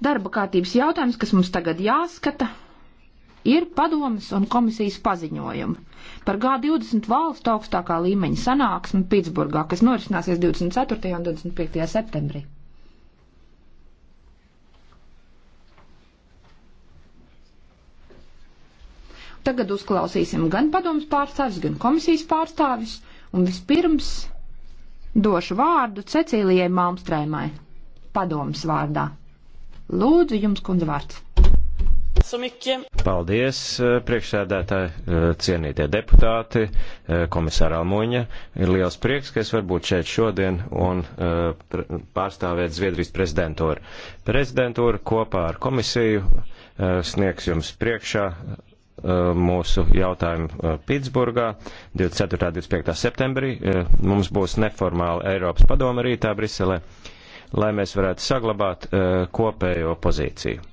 Darba kārtības jautājums, kas mums tagad jāskata, ir padomas un komisijas paziņojumi par G20 valstu augstākā līmeņa sanāksmi Pitsburgā, kas norisināsies 24. un 25. septembrī. Tagad uzklausīsim gan padomas pārstāvis, gan komisijas pārstāvis, un vispirms došu vārdu Cecīlijai Malmstrēmai padomas vārdā. Lūdzu, jums kundze vārds. Paldies, eh, priekšsēdētāji, eh, cienītie deputāti, eh, komisāra Almuņa. Ir liels prieks, ka es varu būt šeit šodien un pārstāvēt Zviedrijas prezidentūru. Prezidentūra kopā ar komisiju sniegs jums priekšā mūsu jautājumu Pitsburgā 24. un 25. septembrī. Mums būs neformāla Eiropas padoma rītā Briselē lai mēs varētu saglabāt eh, kopējo pozīciju.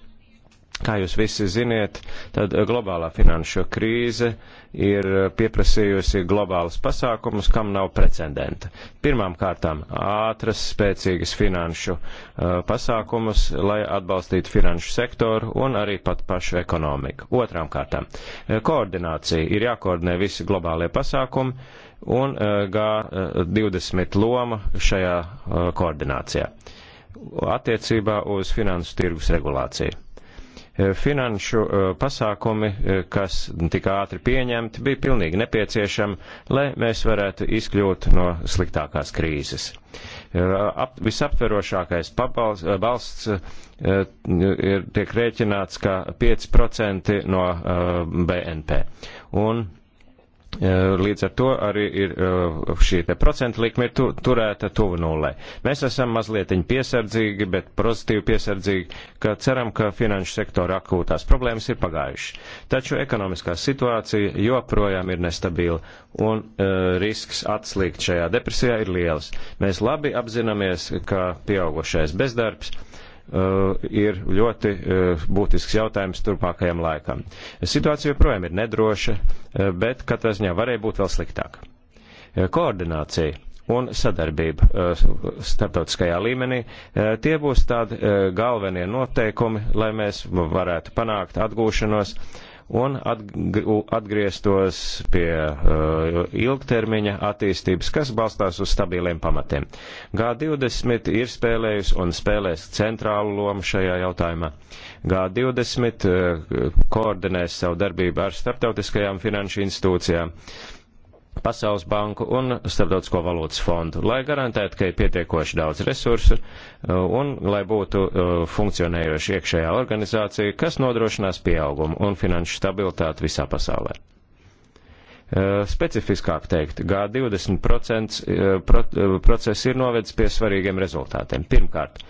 Kā jūs visi ziniet, tad eh, globālā finanšu krīze ir eh, pieprasījusi globālus pasākumus, kam nav precedenta. Pirmām kārtām ātras, spēcīgas finanšu pasākumus, lai atbalstītu finanšu sektoru un arī pat pašu ekonomiku. Otrām kārtām koordinācija ir jākoordinē visi globālie pasākumi un uh, G20 uh, loma šajā uh, koordinācijā attiecībā uz finansu tirgus regulāciju. Finanšu pasākumi, kas tika ātri pieņemti, bija pilnīgi nepieciešami, lai mēs varētu izkļūt no sliktākās krīzes ap, visaptverošākais pabals, balsts ir tiek rēķināts kā 5% no BNP. Un Eh, līdz ar to arī ir eh, šī te procentu likme ir tu, turēta tuvu nulē. Mēs esam mazliet piesardzīgi, bet pozitīvi piesardzīgi, ka ceram, ka finanšu sektora akūtās problēmas ir pagājušas. Taču ekonomiskā situācija joprojām ir nestabila un uh, risks atslīgt šajā depresijā ir liels. Mēs labi apzināmies, ka pieaugušais bezdarbs Uh, ir ļoti uh, būtisks jautājums turpākajam laikam. Situācija joprojām ir nedroša, uh, bet katrā ziņā varēja būt vēl sliktāk. Koordinācija un sadarbība starptautiskajā līmenī. Tie būs tādi galvenie noteikumi, lai mēs varētu panākt atgūšanos un atgrieztos pie uh, ilgtermiņa attīstības, kas balstās uz stabiliem pamatiem. G20 ir spēlējusi un spēlēs centrālu lomu šajā jautājumā. G20 uh, koordinēs savu darbību ar starptautiskajām finanšu institūcijām. Uh, Pasaules banku un Starptautisko valūtas fondu, lai garantētu, ka ir pietiekoši daudz resursu uh, un lai būtu uh, funkcionējoša iekšējā organizācija, kas nodrošinās pieaugumu un finanšu stabilitāti visā pasaulē. Uh, specifiskāk teikt, G20 process ir novedis pie svarīgiem rezultātiem. Pirmkārt,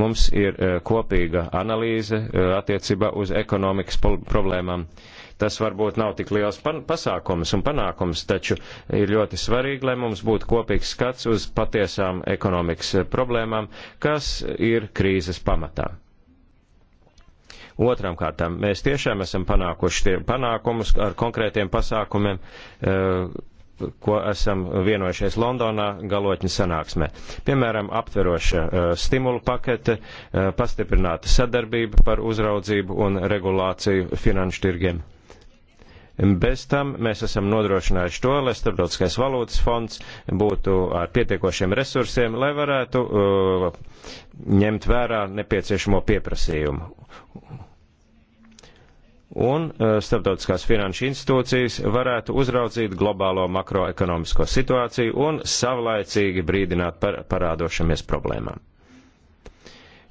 mums ir kopīga analīze attiecībā uz ekonomikas problēmām Tas varbūt nav tik liels pasākums un panākums, taču ir ļoti svarīgi, lai mums būtu kopīgs skats uz patiesām ekonomikas eh, problēmām, kas ir krīzes pamatā. Otram kārtām, mēs tiešām esam panākuši tie panākumus ar konkrētiem pasākumiem, eh, ko esam vienojušies Londonā galotņu sanāksmē. Piemēram, aptveroša eh, stimulu pakete, pastiprināta sadarbība par uzraudzību un regulāciju finanšu tirgiem. Bez tam mēs esam nodrošinājuši to, lai Starptautiskais valūtas fonds būtu ar pietiekošiem resursiem, lai varētu uh, ņemt vērā nepieciešamo pieprasījumu. Un uh, starptautiskās finanšu institūcijas varētu uzraudzīt globālo makroekonomisko situāciju un savlaicīgi brīdināt par parādošamies problēmām.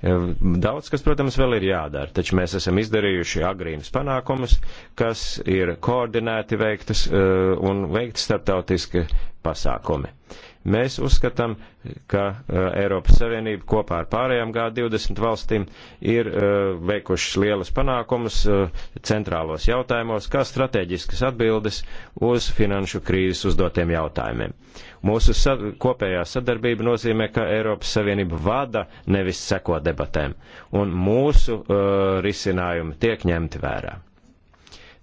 Ehm, daudz, kas, protams, vēl ir jādara, taču mēs esam izdarījuši agrīnas panākumus, kas ir koordinēti veiktas ehm, un veikti starptautiski pasākumi. Mēs uzskatām, ka uh, Eiropas Savienība kopā ar pārējām G20 valstīm ir uh, veikušas lielas panākumus uh, centrālos jautājumos, kā strateģiskas atbildes uz finanšu krīzes uzdotiem jautājumiem. Mūsu sa kopējā sadarbība nozīmē, ka Eiropas Savienība vada, nevis seko debatēm, un mūsu uh, risinājumi tiek ņemti vērā.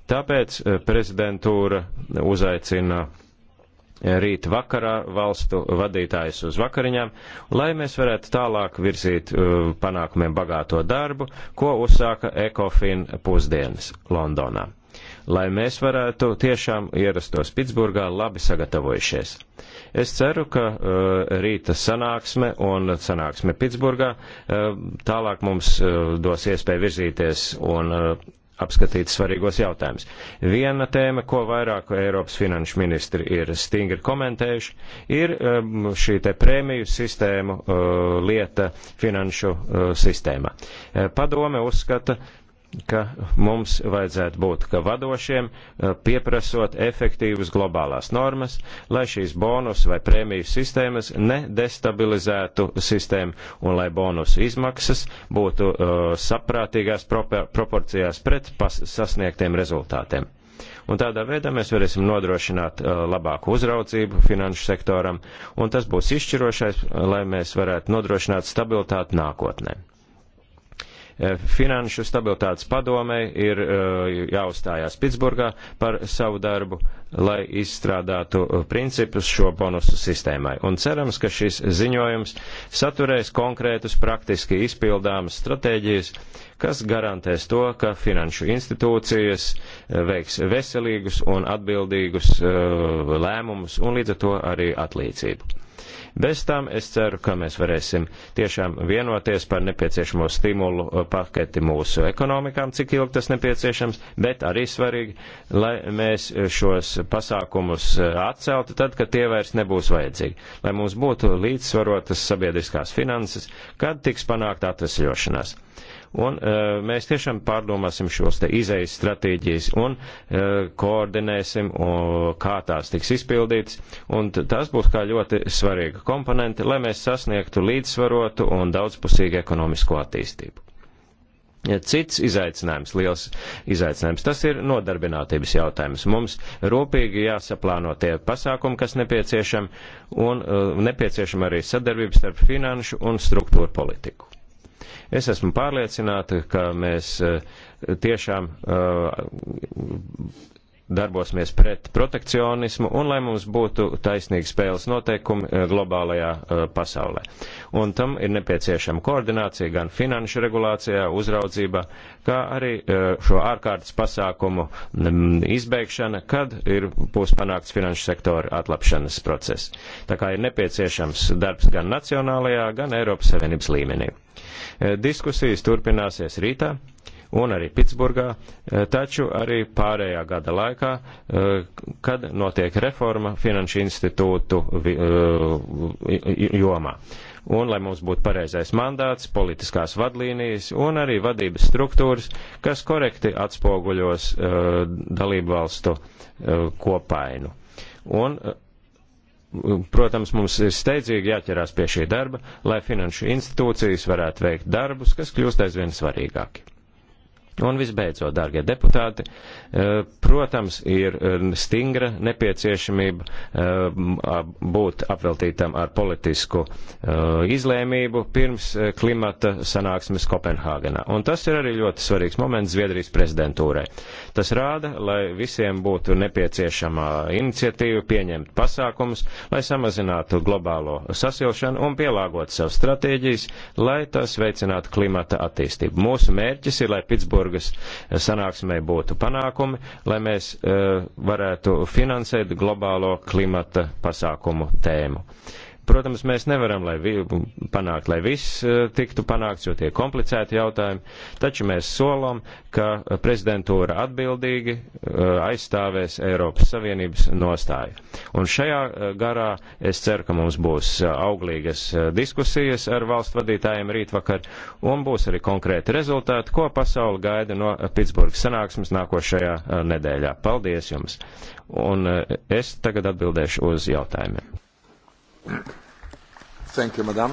Tāpēc prezidentūra uzaicina uh, rīt vakarā valstu vadītājus uz vakariņām, lai mēs varētu tālāk virzīt uh, panākumiem bagāto darbu, ko uzsāka ECOFIN pusdienas Londonā. Lai mēs varētu tiešām ierastos Pitsburgā labi sagatavojušies. Es ceru, ka uh, rīta sanāksme un sanāksme Pitsburgā uh, tālāk mums uh, dos iespēju virzīties un uh, apskatīt svarīgos jautājumus. Viena tēma, ko vairāku Eiropas finanšu ministri ir stingri komentējuši, ir um, šī te prēmiju sistēmu uh, lieta finanšu uh, sistēmā. Uh, padome uzskata, ka mums vajadzētu būt ka vadošiem, eh, pieprasot efektīvas globālās normas, lai šīs bonus vai prēmiju sistēmas nedestabilizētu sistēmu un lai bonus izmaksas būtu uh, saprātīgās proporcijās pret sasniegtiem rezultātiem. Un tādā veidā mēs varēsim nodrošināt uh, labāku uzraudzību finanšu sektoram, un tas būs izšķirošais, lai mēs varētu nodrošināt stabilitāti nākotnē. Eh, finanšu stabilitātes padomei ir eh, jāuzstājās Pitsburgā par savu darbu, lai izstrādātu eh, principus šo bonusu sistēmai. Un cerams, ka šis ziņojums saturēs konkrētus praktiski izpildāmas stratēģijas, kas garantēs to, ka finanšu institūcijas veiks veselīgus un atbildīgus lēmumus un līdz ar to arī atlīdzību. Bez tam es ceru, ka mēs varēsim tiešām vienoties par nepieciešamo stimulu uh, paketi mūsu ekonomikām, cik ilgi tas nepieciešams, bet arī svarīgi, lai mēs uh, šos pasākumus uh, atceltu tad, kad tie vairs nebūs vajadzīgi, lai mums būtu līdzsvarotas sabiedriskās finanses, kad tiks panākt atvesļošanās un uh, mēs tiešām pārdomāsim šos te izējas stratēģijas un uh, koordinēsim, uh, kā tās tiks izpildītas, un tas būs kā ļoti svarīga komponente, lai mēs sasniegtu līdzsvarotu un daudzpusīgu ekonomisko attīstību. Cits izaicinājums, liels izaicinājums, tas ir nodarbinātības jautājums. Mums rūpīgi jāsaplāno tie pasākumi, kas nepieciešami, un uh, e, nepiešam arī sadarbības starp finanšu un struktūru politiku. Es esmu pārliecināta, ka mēs eh, tiešām eh, darbosimies pret protekcionismu un lai mums būtu taisnīgi spēles noteikumi eh, globālajā pasaulē. Un tam ir nepieciešama koordinācija gan finanšu regulācijā, uzraudzībā, kā arī šo ārkārtas pasākumu mm, izbeigšana, kad ir būs panākts finanšu sektora atlapšanas process. Tā kā ir nepieciešams darbs gan nacionālajā, gan Eiropas Savienības līmenī. Eh, diskusijas turpināsies rītā un arī Pitsburgā, eh, taču arī pārējā gada laikā, eh, kad notiek reforma finanšu institūtu jomā. Un lai mums būtu pareizais mandāts, politiskās vadlīnijas un arī vadības struktūras, kas korekti atspoguļos dalību valstu kopainu. Un Protams, mums ir steidzīgi jāķerās pie šī darba, lai finanšu institūcijas varētu veikt darbus, kas kļūst aizvien svarīgāki. Un visbeidzot, dārgie deputāti, eh, protams, ir eh, stingra nepieciešamība eh, būt apveltītam ar politisku izlēmību pirms klimata sanāksmes Kopenhāgenā. Un tas ir arī ļoti svarīgs moments Zviedrijas prezidentūrai. Tas rāda, lai visiem būtu nepieciešama iniciatīva pieņemt pasākumus, lai samazinātu globālo sasilšanu un pielāgot savas stratēģijas, lai tas veicinātu klimata attīstību. Mūsu mērķis ir, lai Pitsburgā Gēteborgas sanāksmē būtu panākumi, lai mēs eh, varētu finansēt globālo klimata pasākumu tēmu. Protams, mēs nevaram lai vi, panākt, lai viss eh, tiktu panākts, jo tie komplicēti jautājumi, taču mēs solam, ka prezidentūra atbildīgi eh, aizstāvēs Eiropas Savienības nostāju. Un šajā eh, garā es ceru, ka mums būs auglīgas diskusijas ar valstu vadītājiem rītvakar un būs arī konkrēti rezultāti, ko pasauli gaida no Pitsburgas sanāksmes nākošajā nedēļā. Paldies jums! Un es tagad atbildēšu uz jautājumiem. Thank you, madam.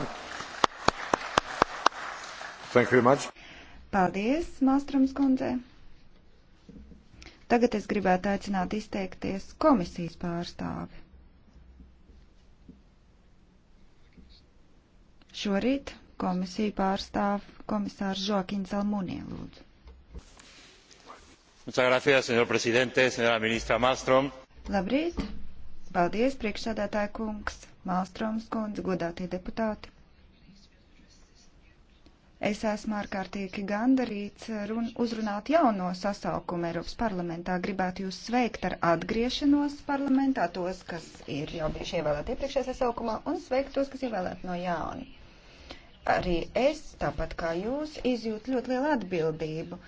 Thank you very much. Paldies, Māstrums kundzei. Tagad es gribētu aicināt izteikties komisijas pārstāvi. Šorīt komisiju pārstāv komisārs Žokins Almunie, lūdzu. Muchas gracias, señor presidente, señora ministra Malmström. Labrīt! Paldies, priekšsādātāja kungs! Mālstroms kundze, godātie deputāti. Es esmu ārkārtīgi gandarīts run, uzrunāt jauno sasaukumu Eiropas parlamentā. Gribētu jūs sveikt ar atgriešanos parlamentā, tos, kas ir jau bijuši ievēlēti iepriekšējā sasaukumā, un sveikt tos, kas ievēlēti no jauna. Arī es, tāpat kā jūs, izjūtu ļoti lielu atbildību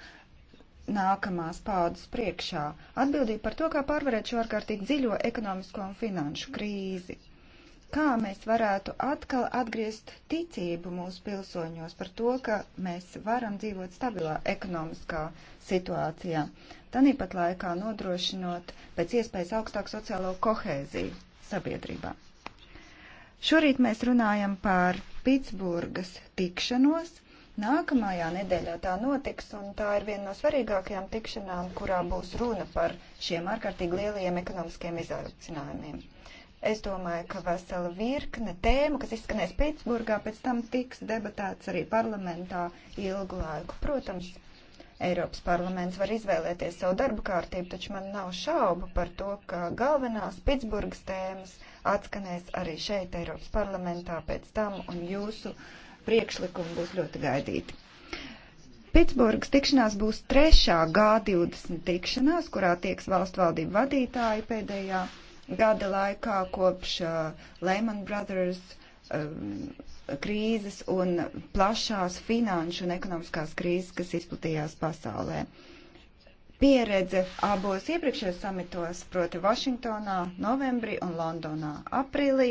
nākamās paudzes priekšā. Atbildību par to, kā pārvarēt šo ārkārtīgi dziļo ekonomisko un finanšu krīzi kā mēs varētu atkal atgriezt ticību mūsu pilsoņos par to, ka mēs varam dzīvot stabilā ekonomiskā situācijā, tanīpat laikā nodrošinot pēc iespējas augstāku sociālo kohēziju sabiedrībā. Šorīt mēs runājam par Pitsburgas tikšanos. Nākamajā nedēļā tā notiks, un tā ir viena no svarīgākajām tikšanām, kurā būs runa par šiem ārkārtīgi lielajiem ekonomiskiem izaicinājumiem. Es domāju, ka vesela virkne tēma, kas izskanēs Pitsburgā, pēc tam tiks debatēts arī parlamentā ilgu laiku. Protams, Eiropas parlaments var izvēlēties savu darbu kārtību, taču man nav šaubu par to, ka galvenās Pitsburgas tēmas atskanēs arī šeit Eiropas parlamentā pēc tam, un jūsu priekšlikumi būs ļoti gaidīti. Pitsburgas tikšanās būs trešā G20 tikšanās, kurā tieks valstu valdību vadītāji pēdējā gada laikā kopš Lehman Brothers krīzes un plašās finanšu un ekonomiskās krīzes, kas izplatījās pasaulē. Pieredze abos iepriekšējos samitos, proti Vašingtonā, novembrī un Londonā, aprīlī,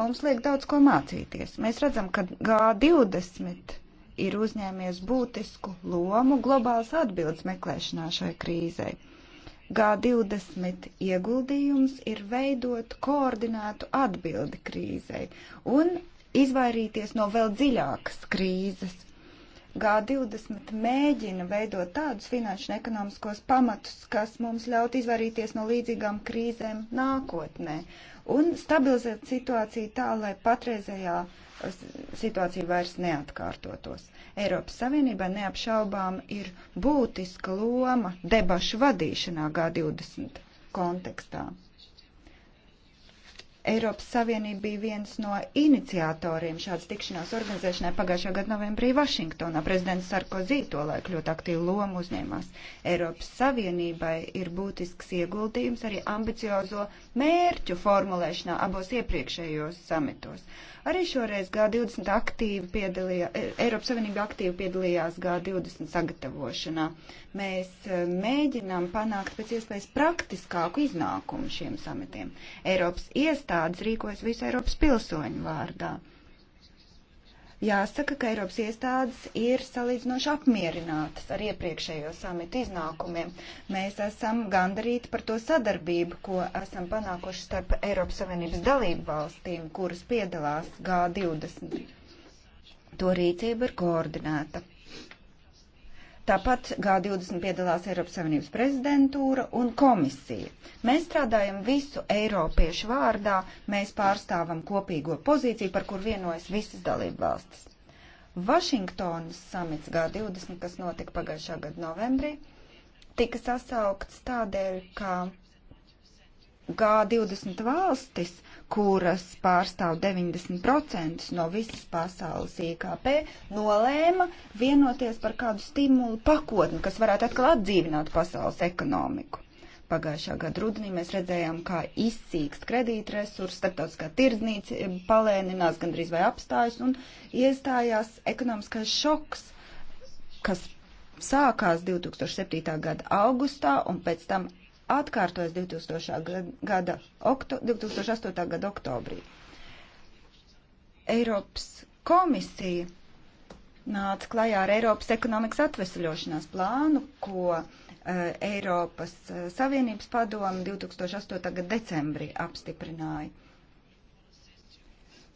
mums liek daudz ko mācīties. Mēs redzam, ka G20 ir uzņēmies būtisku lomu globālas atbildes meklēšanā šai krīzei G20 ieguldījums ir veidot koordinētu atbildi krīzei un izvairīties no vēl dziļākas krīzes. G20 mēģina veidot tādus finanšu un ekonomiskos pamatus, kas mums ļaut izvairīties no līdzīgām krīzēm nākotnē un stabilizēt situāciju tā, lai patreizējā uh, situācija vairs neatkārtotos. Eiropas Savienībā neapšaubām ir būtiska loma debašu vadīšanā G20 kontekstā. Eiropas Savienība bija viens no iniciatoriem šādas tikšanās organizēšanai pagājušā gada novembrī Vašingtonā. Prezidents Sarkozī tolaik ļoti aktīvu lomu uzņēmās. Eiropas Savienībai ir būtisks ieguldījums arī ambiciozo mērķu formulēšanā abos iepriekšējos samitos. Arī šoreiz G20 aktīvi piedalījās, Eiropas Savienība aktīvi piedalījās G20 sagatavošanā. Uh, Mēs eh, mēģinām panākt pēc iespējas praktiskāku iznākumu šiem samitiem. Eiropas iestādes rīkojas visu Eiropas pilsoņu vārdā. Jāsaka, ka Eiropas iestādes ir salīdzinoši apmierinātas ar iepriekšējo samitu iznākumiem. Mēs esam gandarīti par to sadarbību, ko esam panākuši starp Eiropas Savienības dalību valstīm, kuras piedalās G20. To rīcība ir koordinēta. Tāpat G20 piedalās Eiropas Savienības prezidentūra un komisija. Mēs strādājam visu eiropiešu vārdā, mēs pārstāvam kopīgo pozīciju, par kur vienojas visas dalību valstis. Vašingtonas samits G20, kas notika pagājušā gada novembrī, tika sasaukts tādēļ, ka G20 valstis, kuras pārstāv 90% no visas pasaules IKP, nolēma vienoties par kādu stimulu pakotni, kas varētu atkal atdzīvināt pasaules ekonomiku. Pagājušā gada rudenī mēs redzējām, kā izsīkst kredītresursi, starptautiskā tirdzniecība palēninās, gandrīz vai apstājas, un iestājās ekonomiskais šoks, kas sākās 2007. gada augustā un pēc tam atkārtojas 2000. Gada, okto, 2008. gada oktobrī. Eiropas komisija nāca klajā ar Eiropas ekonomikas atvesļošanās plānu, ko eh, Eiropas eh, Savienības padomu 2008. gada decembrī apstiprināja.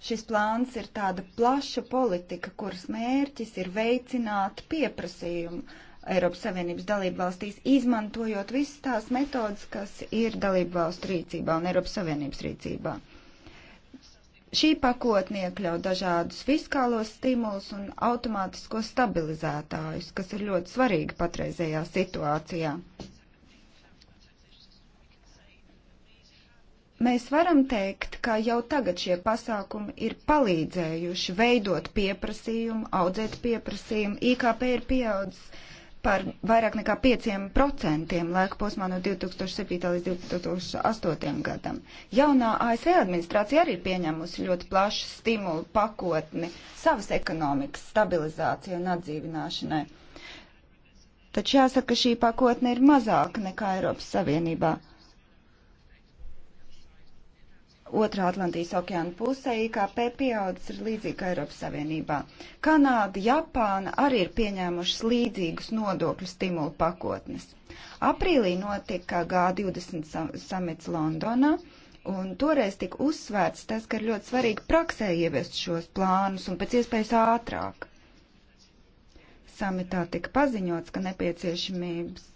Šis plāns ir tāda plaša politika, kuras mērķis ir veicināt pieprasījumu Eiropas Savienības dalību valstīs, izmantojot visas tās metodas, kas ir dalību valstu rīcībā un Eiropas Savienības rīcībā. Šī pakotne iekļauj dažādus fiskālos stimulus un automātisko stabilizētājus, kas ir ļoti svarīgi patreizējā situācijā. Mēs varam teikt, ka jau tagad šie pasākumi ir palīdzējuši veidot pieprasījumu, audzēt pieprasījumu. IKP ir pieaudzis par vairāk nekā 5% laika posmā no 2007. līdz 2008. gadam. Jaunā ASV e administrācija arī ir pieņēmusi ļoti plašu stimulu pakotni savas ekonomikas stabilizācijai un atdzīvināšanai. Taču jāsaka, šī pakotne ir mazāka nekā Eiropas Savienībā otrā Atlantijas okeāna pusē IKP pieaudzis ir līdzīgi kā Eiropas Savienībā. Kanāda, Japāna arī ir pieņēmušas līdzīgus nodokļu stimulu pakotnes. Aprīlī notika G20 samits Londonā. Un toreiz tika uzsvērts tas, ka ir ļoti svarīgi praksē ieviest šos plānus un pēc iespējas ātrāk. Samitā tika paziņots, ka nepieciešamības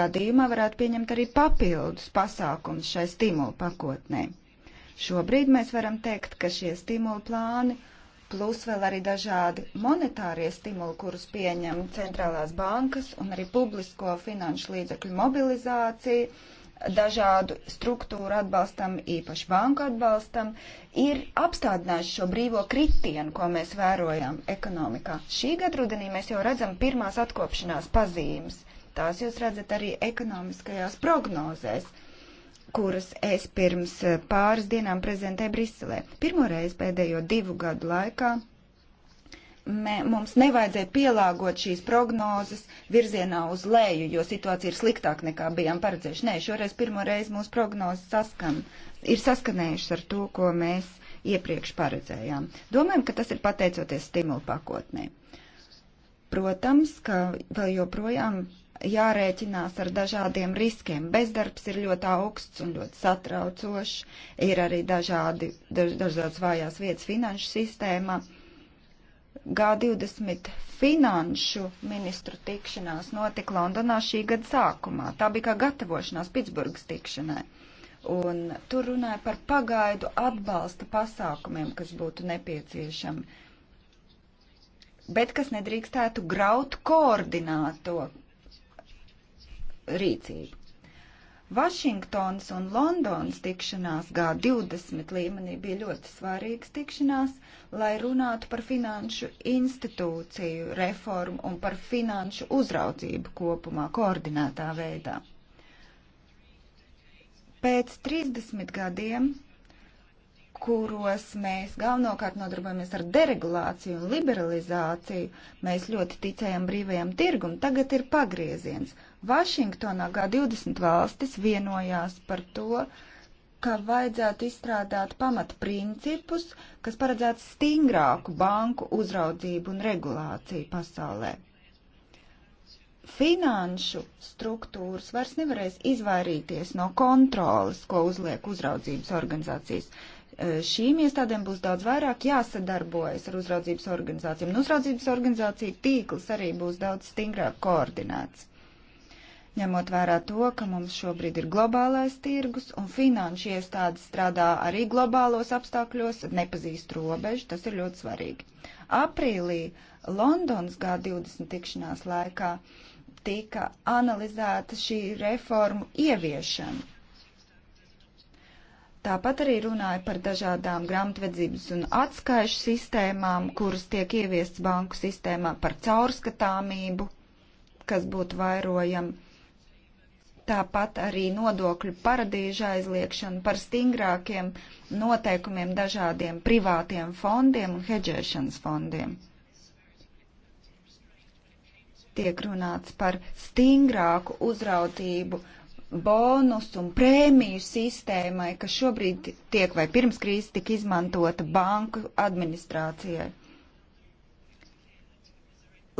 gadījumā varētu pieņemt arī papildus pasākums šai stimulu pakotnēm. Šobrīd mēs varam teikt, ka šie stimulu plāni plus vēl arī dažādi monetārie stimuli, kurus pieņem centrālās bankas un arī publisko finanšu līdzekļu mobilizācija, dažādu struktūru atbalstam, īpaši banku atbalstam, ir apstādinājuši šo brīvo kritienu, ko mēs vērojam ekonomikā. Šī gada rudenī mēs jau redzam pirmās atkopšanās pazīmes. Tās jūs redzat arī ekonomiskajās prognozēs kuras es pirms eh, pāris dienām prezentēju Briselē. Pirmoreiz pēdējo divu gadu laikā mē, mums nevajadzēja pielāgot šīs prognozes virzienā uz leju, jo situācija ir sliktāka nekā bijām paredzējuši. Nē, šoreiz pirmoreiz mūsu prognozes saskan, ir saskanējušas ar to, ko mēs iepriekš paredzējām. Domājam, ka tas ir pateicoties stimulu pakotnē. Protams, ka vēl joprojām jārēķinās ar dažādiem riskiem. Bezdarbs ir ļoti augsts un ļoti satraucošs, ir arī dažādi, daž, dažādas vājās vietas finanšu sistēmā. G20 finanšu ministru tikšanās notika Londonā šī gada sākumā. Tā bija kā gatavošanās Pitsburgas tikšanai. Un tur runāja par pagaidu atbalsta pasākumiem, kas būtu nepieciešami bet kas nedrīkstētu graut koordināto rīcību. Vašingtons un Londons tikšanās G20 līmenī bija ļoti svarīgs tikšanās, lai runātu par finanšu institūciju reformu un par finanšu uzraudzību kopumā koordinētā veidā. Pēc 30 gadiem, kuros mēs galvenokārt nodarbojamies ar deregulāciju un liberalizāciju, mēs ļoti ticējam brīvajam tirgum, tagad ir pagrieziens – Vašingtonā G20 valstis vienojās par to, ka vajadzētu izstrādāt pamatprincipus, kas paredzētu stingrāku banku uzraudzību un regulāciju pasaulē. Finanšu struktūras vairs nevarēs izvairīties no kontrolas, ko uzliek uzraudzības organizācijas e, šīm iestādēm būs daudz vairāk jāsadarbojas ar uzraudzības organizācijām. Un uzraudzības organizācija tīkls arī būs daudz stingrāk koordinēts ņemot vērā to, ka mums šobrīd ir globālais tirgus un finanšu iestādes strādā arī globālos apstākļos, nepazīst robežu, tas ir ļoti svarīgi. Aprīlī Londonas G20 tikšanās laikā tika analizēta šī reformu ieviešana. Tāpat arī runāja par dažādām grāmatvedības un atskaišu sistēmām, kuras tiek ieviestas banku sistēmā par caurskatāmību, kas būtu vairojama tāpat arī nodokļu paradīžu aizliekšanu par stingrākiem noteikumiem dažādiem privātiem fondiem un hedžēšanas fondiem. Tiek runāts par stingrāku uzrautību bonus un prēmiju sistēmai, kas šobrīd tiek vai pirms krīzes tika izmantota banku administrācijai.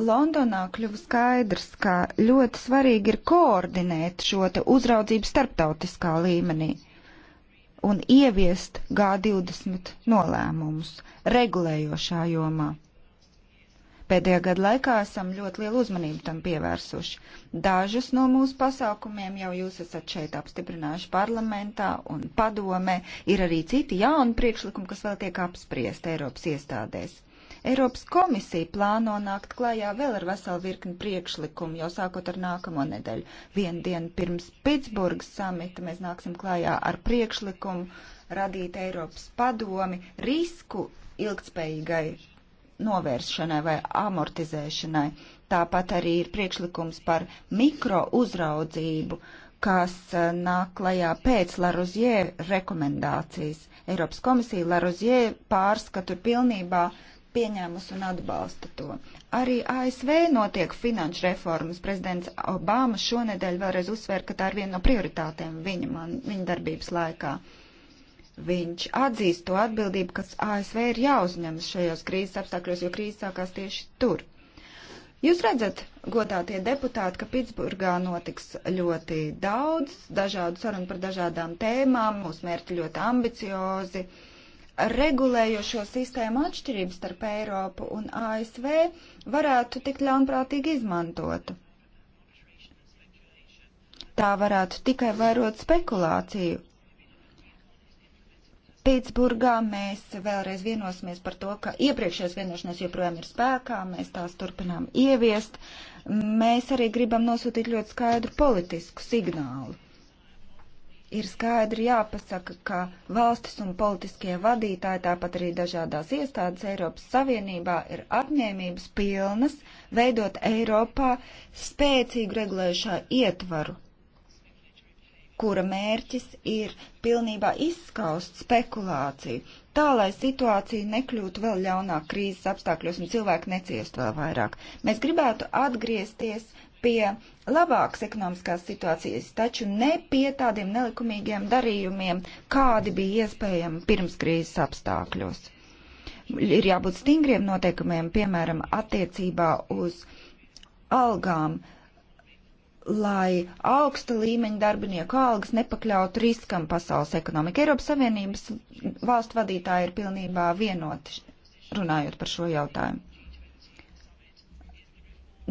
Londonā kļuva skaidrs, ka ļoti svarīgi ir koordinēt šo te uzraudzību starptautiskā līmenī un ieviest G20 nolēmumus regulējošā jomā. Pēdējā gada laikā esam ļoti lielu uzmanību tam pievērsuši. Dažus no mūsu pasākumiem jau jūs esat šeit apstiprinājuši parlamentā un padomē. Ir arī citi jauni priekšlikumi, kas vēl tiek apspriest Eiropas iestādēs. Eiropas komisija plāno nākt klājā vēl ar veselu virkni priekšlikumu, jau sākot ar nākamo nedēļu. Vienu dienu pirms Pitsburgas samita mēs nāksim klājā ar priekšlikumu radīt Eiropas padomi risku ilgtspējīgai novēršanai vai amortizēšanai. Tāpat arī ir priekšlikums par mikro uzraudzību, kas e, nāk klajā pēc Larozie rekomendācijas. Eiropas komisija Larozie pārskatu pilnībā uh, pieņēmusi un atbalsta to. Arī ASV notiek finanšu reformas. Prezidents Obama šonedēļ vēlreiz uzsver, ka tā ir viena no prioritātēm viņa, man, viņa darbības laikā. Viņš atzīst to atbildību, kas ASV ir jāuzņemas šajos krīzes apstākļos, jo krīze sākās tieši tur. Jūs redzat, godātie deputāti, ka Pitsburgā notiks ļoti daudz dažādu sarunu par dažādām tēmām, mūsu mērķi ļoti ambiciozi. Uh, regulējošo sistēmu atšķirības starp Eiropu un ASV varētu tik ļaunprātīgi izmantota. Tā varētu tikai vairot spekulāciju. Pitsburgā mēs vēlreiz vienosimies par to, ka iepriekšējās vienošanās joprojām ir spēkā, mēs tās turpinām ieviest. Mēs arī gribam nosūtīt ļoti skaidru politisku signālu ir skaidri jāpasaka, ka valstis un politiskie vadītāji, tāpat arī dažādās iestādes Eiropas Savienībā, ir apņēmības pilnas veidot Eiropā spēcīgu regulējušā ietvaru, kura mērķis ir pilnībā izskaust spekulāciju, tā lai situācija nekļūtu vēl ļaunāk krīzes apstākļos un cilvēki neciest vēl vairāk. Mēs gribētu atgriezties pie labākas ekonomiskās situācijas, taču ne pie tādiem nelikumīgiem darījumiem, kādi bija iespējami pirms krīzes apstākļos. Ir jābūt stingriem noteikumiem, piemēram, attiecībā uz algām, lai augsta līmeņa darbinieku algas nepakļautu riskam pasaules ekonomika. Eiropas Savienības valstu vadītāji ir pilnībā vienoti runājot par šo jautājumu.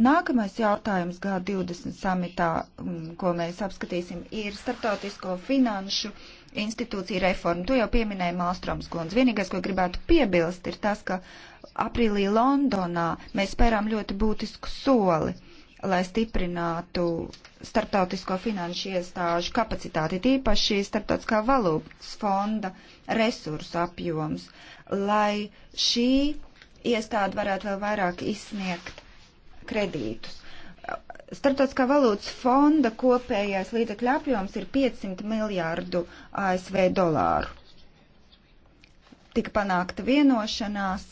Nākamais jautājums G20 samitā, mm, ko mēs apskatīsim, ir starptautisko finanšu institūciju reforma. To jau pieminēja Mālstroms kundze. Vienīgais, ko gribētu piebilst, ir tas, ka aprīlī Londonā mēs spērām ļoti būtisku soli, lai stiprinātu starptautisko finanšu iestāžu kapacitāti, tīpaši starptautiskā valūtas fonda resursu apjoms, lai šī iestāde varētu vēl vairāk izsniegt kredītus. Startautiskā valūtas fonda kopējais līdzekļu apjoms ir 500 miljārdu ASV dolāru. Tika panākta vienošanās,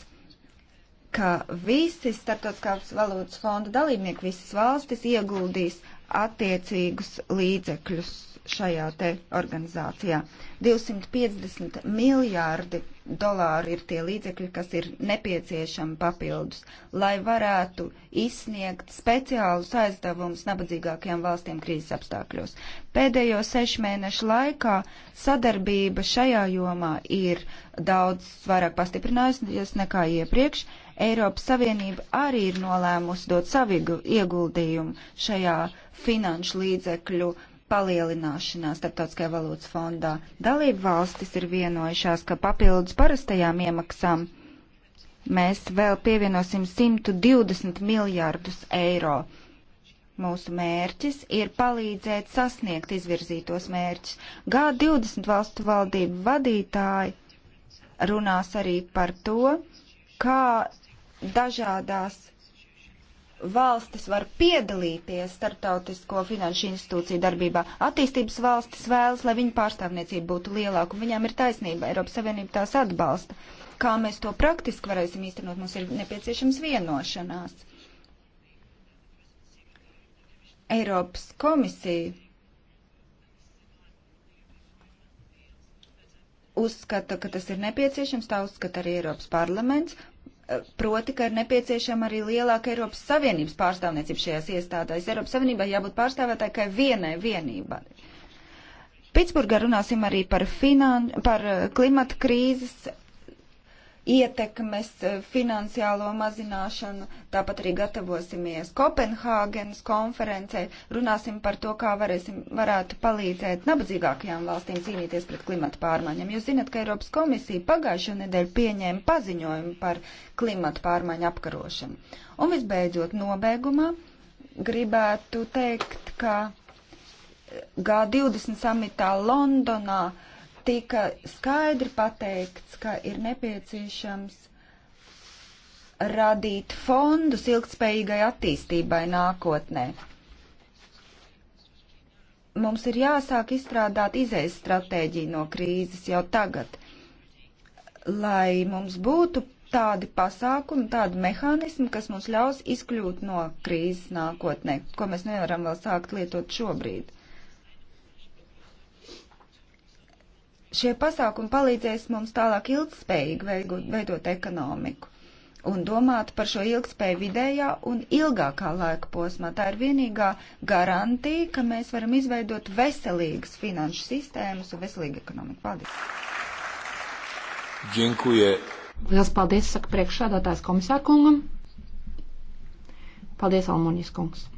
ka visi Startautiskās valūtas fonda dalībnieki, visas valstis ieguldīs attiecīgus līdzekļus šajā te organizācijā. 250 miljārdi dolāri ir tie līdzekļi, kas ir nepieciešami papildus, lai varētu izsniegt speciālus aizdevumus nabadzīgākajām valstīm krīzes apstākļos. Pēdējo sešu mēnešu laikā sadarbība šajā jomā ir daudz vairāk pastiprinājusies nekā iepriekš. Eiropas Savienība arī ir nolēmusi dot savu ieguldījumu šajā finanšu līdzekļu palielināšanās starptautiskajā valūtas fondā. Dalību valstis ir vienojušās, ka papildus parastajām iemaksām mēs vēl pievienosim 120 miljārdus eiro. Mūsu mērķis ir palīdzēt sasniegt izvirzītos mērķus. G20 valstu valdību vadītāji runās arī par to, kā dažādās valstis var piedalīties starptautisko finanšu institūciju darbībā. Attīstības valstis vēlas, lai viņu pārstāvniecība būtu lielāka, un viņām ir taisnība, Eiropas Savienība tās atbalsta. Kā mēs to praktiski varēsim īstenot, mums ir nepieciešams vienošanās. Eiropas komisija uzskata, ka tas ir nepieciešams, tā uzskata arī Eiropas parlaments, Proti, ka ir nepieciešama arī lielāka Eiropas Savienības pārstāvniecība šajās iestādēs. Eiropas Savienībai jābūt pārstāvētāji tikai vienai vienībai. Pitsburgā runāsim arī par, finan, par eh, klimata krīzes ietekmes eh, finansiālo mazināšanu, tāpat arī gatavosimies Kopenhāgenes konferencē, runāsim par to, kā varēsim, varētu palīdzēt nabadzīgākajām valstīm cīnīties pret klimata pārmaiņām. Jūs zinat, ka Eiropas komisija pagājušo nedēļu pieņēma paziņojumu par klimata pārmaiņu apkarošanu. Un visbeidzot, nobeigumā gribētu teikt, ka G20 samitā Londonā uh, tika skaidri pateikts, ka ir nepieciešams radīt fondus ilgspējīgai attīstībai nākotnē. Mums ir jāsāk izstrādāt izējas stratēģiju no krīzes jau tagad, lai mums būtu tādi pasākumi, tādi mehānismi, kas mums ļaus izkļūt no krīzes nākotnē, ko mēs nevaram vēl sākt lietot šobrīd. šie pasākumi palīdzēs mums tālāk ilgspējīgi veidot ekonomiku un domāt par šo ilgspēju vidējā un ilgākā laika posmā. Tā ir vienīgā garantija, ka mēs varam izveidot veselīgas finanšu sistēmas un veselīgu ekonomiku. Paldies! Džinkuje. Liels paldies, saka priekšsādātājs komisārkungam. Paldies, Almonijas kungs.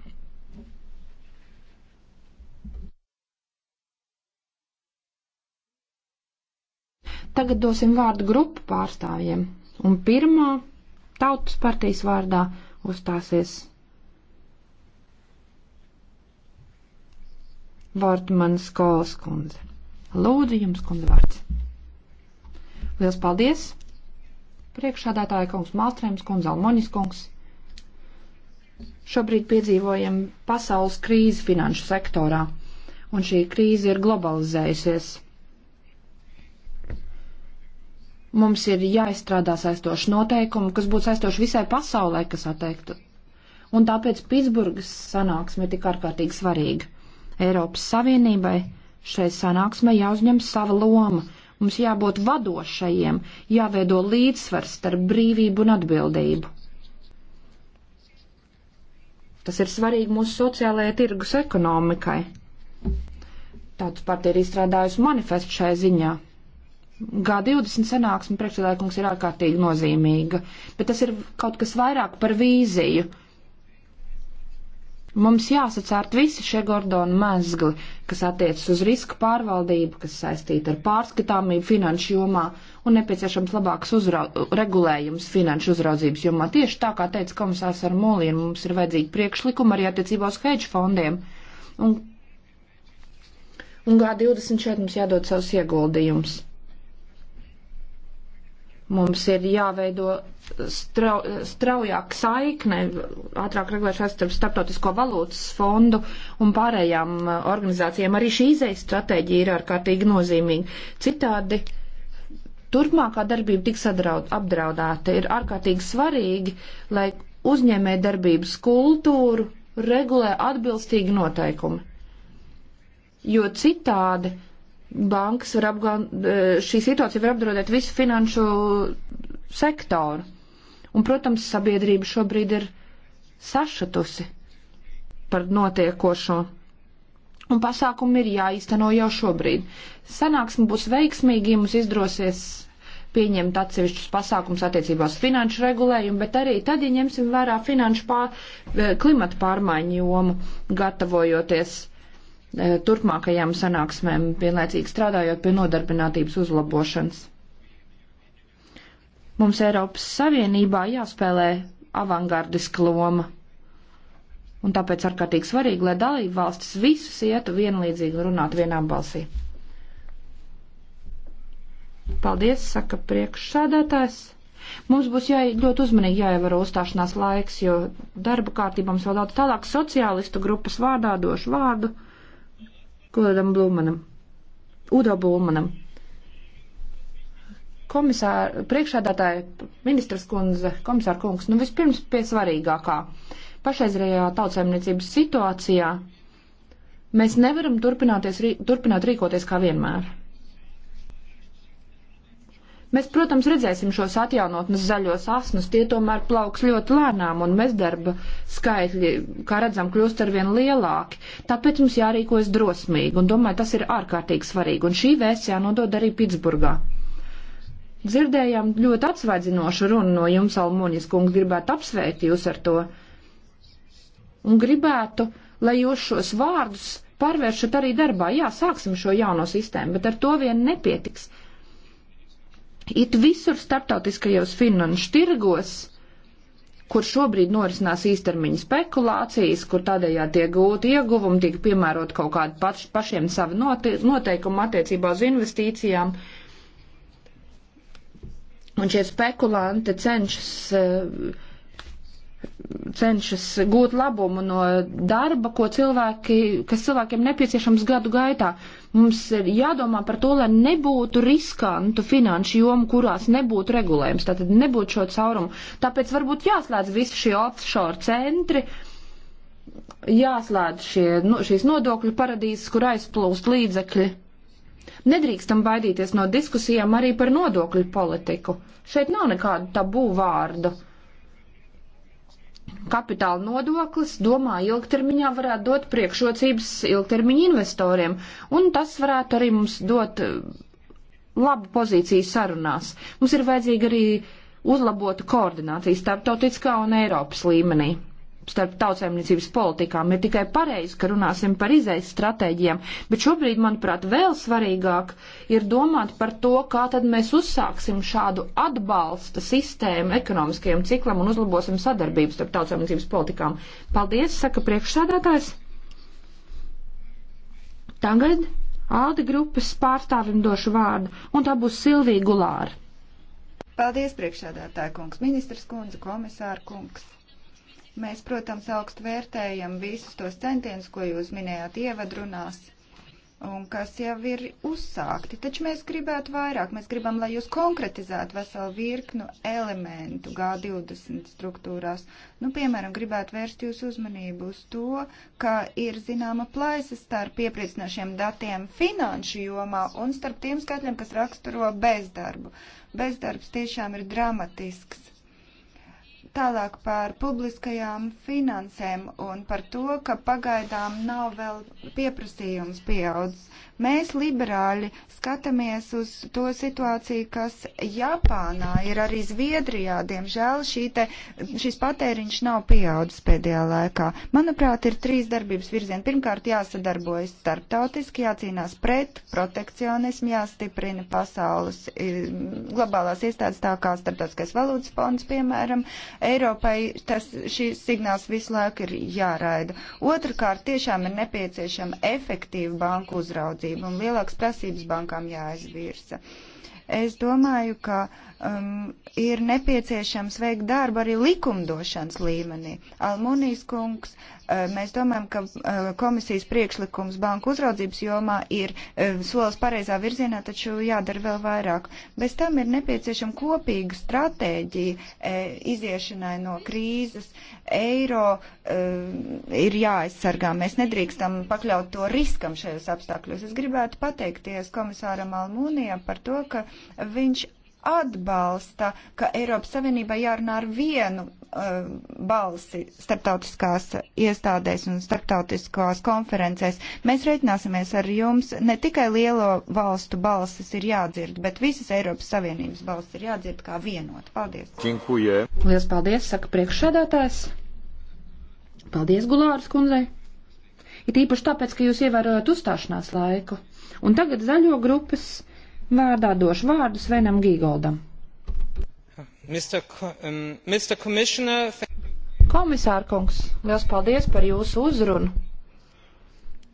Tagad dosim vārdu grupu pārstāvjiem. Un pirmā tautas partijas vārdā uzstāsies Vortmanas skolas kundze. Lūdzu, jums kundze vārds. Liels paldies! Priekšādātāja kungs Malstrēms, kundze Almonis kungs. Šobrīd piedzīvojam pasaules krīzi finanšu sektorā, un šī krīze ir globalizējusies Mums ir jāizstrādā saistoši noteikumi, kas būtu saistoši visai pasaulē, kas atteiktu. Un tāpēc Pitsburgas sanāksme ir tik ārkārtīgi svarīga. Eiropas Savienībai šai sanāksmē jāuzņem sava loma. Mums jābūt vadošajiem, jāveido līdzsvars starp brīvību un atbildību. Tas ir svarīgi mūsu sociālajai tirgus ekonomikai. Tāds pat ir izstrādājis manifestu šai ziņā. G20 sanāksme priekšsēdētājs ir ārkārtīgi nozīmīga, bet tas ir kaut kas vairāk par vīziju. Mums jāsacērt visi šie gordoni mezgli, kas attiecas uz riska pārvaldību, kas saistīta ar pārskatāmību finanšu jomā un nepieciešams labāks uzra... regulējums finanšu uzraudzības jomā. Tieši tā, kā teica komisārs ar Mūlīnu, mums ir vajadzīgi priekšlikumi arī attiecībā uz hedge fondiem. Un, un G20 šeit mums jādod savus ieguldījumus. Mums ir jāveido strau, straujāk saikne, ātrāk regulēšanās starp starptautisko valūtas fondu un pārējām uh, organizācijām. Arī šī izejas stratēģija ir ārkārtīgi nozīmīga. Citādi turpmākā darbība tiks adraud, apdraudēta. Ir ārkārtīgi svarīgi, lai uzņēmē darbības kultūru regulē atbilstīgi noteikumi. Jo citādi bankas var apgānd, e, šī situācija var apdraudēt visu finanšu sektoru. Un, protams, sabiedrība šobrīd ir sašatusi par notiekošo. Un pasākumi ir jāīsteno jau šobrīd. Sanāksme būs veiksmīgi, ja mums izdrosies pieņemt atsevišķus pasākums attiecībās finanšu regulējumu, bet arī tad, ja ņemsim vērā finanšu pār, e, klimata pārmaiņu jomu, gatavojoties E, turpmākajām sanāksmēm, vienlaicīgi strādājot pie nodarbinātības uzlabošanas. Mums Eiropas Savienībā jāspēlē avangardiska loma, un tāpēc ārkārtīgi svarīgi, lai dalību valstis visas ietu vienlīdzīgi un runātu vienā balsī. Paldies, saka priekšsādātājs. Mums būs jā, ļoti uzmanīgi jāievēro uzstāšanās laiks, jo darba kārtībā mums vēl daudz tālāk sociālistu grupas vārdā došu vārdu. Klodam Blūmanam, Udo Blūmanam. Komisāra, priekšādātāja ministras kundze, komisāra kungs, nu vispirms pie svarīgākā. Pašreizējā tautsēmniecības situācijā mēs nevaram turpināt rīkoties kā vienmēr. Mēs, protams, redzēsim šos atjaunotnes zaļos asnus, tie tomēr plauks ļoti lēnām un bezdarba skaitļi, kā redzam, kļūst arvien lielāki. Tāpēc mums jārīkojas drosmīgi un domāju, tas ir ārkārtīgi svarīgi. Un šī vēsts jānodod arī Pitsburgā. Dzirdējām ļoti atsvaidzinošu runu no jums, Almuņas kungs, gribētu apsveikt jūs ar to. Un gribētu, lai jūs šos vārdus pārvēršat arī darbā. Jā, sāksim šo jauno sistēmu, bet ar to vien nepietiks. It visur starptautiskajos finanšu tirgos kur šobrīd norisinās īstermiņa spekulācijas, kur tādējādi tiek gūti ieguvumi, tiek piemērot kaut kādu paš, pašiem savu noteikumu attiecībā uz investīcijām. Un šie spekulanti cenšas, eh, cenšas gūt labumu no darba, ko cilvēki, kas cilvēkiem nepieciešams gadu gaitā. Mums ir jādomā par to, lai nebūtu riskantu finanšu jomu, kurās nebūtu regulējums, tātad nebūtu šo caurumu. Tāpēc varbūt jāslēdz visi šie offshore centri, jāslēdz šie, nu, šīs nodokļu paradīzes, kur aizplūst līdzekļi. Nedrīkstam baidīties no diskusijām arī par nodokļu politiku. Šeit nav nekādu tabū vārdu kapitāla nodoklis, domā, ilgtermiņā varētu dot priekšrocības ilgtermiņa investoriem, un tas varētu arī mums dot eh, labu pozīciju sarunās. Mums ir vajadzīga arī uzlabota koordinācija starptautiskā un Eiropas līmenī starp tautsēmniecības politikām. Ir tikai pareizi, ka runāsim par izējas stratēģiem, bet šobrīd, manuprāt, vēl svarīgāk ir domāt par to, kā tad mēs uzsāksim šādu atbalsta sistēmu ekonomiskajam ciklam un uzlabosim sadarbības starp tautsēmniecības politikām. Paldies, saka priekšsādātājs. Tagad Alde grupas pārstāvim došu vārdu, un tā būs Silvija Gulāra. Paldies, priekšsādātāja kungs, ministrs kundze, komisāra kungs. Mēs, protams, augstu vērtējam visus tos centienus, ko jūs minējāt ievadrunās un kas jau ir uzsākti. Taču mēs gribētu vairāk. Mēs gribam, lai jūs konkretizētu veselu virknu elementu G20 struktūrās. Nu, piemēram, gribētu vērst jūsu uzmanību uz to, ka ir zināma plaisa starp iepriecinošiem datiem finanšu jomā un starp tiem skaitļiem, kas raksturo bezdarbu. Bezdarbs tiešām ir dramatisks Tālāk par publiskajām finansēm un par to, ka pagaidām nav vēl pieprasījums pieaudzis. Mēs, liberāļi, skatāmies uz to situāciju, kas Japānā ir arī Zviedrijā. Diemžēl te, šis patēriņš nav pieaudzis pēdējā laikā. Manuprāt, ir trīs darbības virzieni. Pirmkārt, jāsadarbojas starptautiski, jācīnās pret protekcionismu, jāstiprina pasaules globālās iestādes tā kā starptautiskais valūtas fonds, piemēram. Eiropai tas, šis signāls visu laiku ir jāraida. Otrakārt, tiešām ir nepieciešama efektīva banku uzraudzība uzraudzību un lielākas prasības bankām jāizvirsa. Es domāju, ka uh, um, ir nepieciešams veikt darbu arī likumdošanas līmenī. Almunijas kungs, uh, mēs domājam, ka uh, komisijas priekšlikums banku uzraudzības jomā ir uh, solis pareizā virzienā, taču jādara vēl vairāk. Bez tam ir nepieciešama kopīga stratēģija uh, iziešanai no krīzes. Eiro uh, ir jāaizsargā. Mēs nedrīkstam pakļaut to riskam šajos apstākļos. Es gribētu pateikties komisāram Almunijam par to, ka viņš atbalsta, ka Eiropas Savienībai jārunā ar vienu uh, balsi starptautiskās iestādēs un starptautiskās konferencēs. Mēs reiķināsimies ar jums, ne tikai lielo valstu balsis ir jādzird, bet visas Eiropas Savienības balsis ir jādzird kā vienot. Paldies! Činkuje. Lielas paldies, saka priekšsēdētājs. Paldies, Gulāras kundzei! It īpaši tāpēc, ka jūs ievērojat uzstāšanās laiku. Un tagad zaļo grupas vārdā došu vārdu Svenam Gīgoldam. Mr. Ko, um, Mr. Commissioner... Komisārkungs, liels paldies par jūsu uzrunu.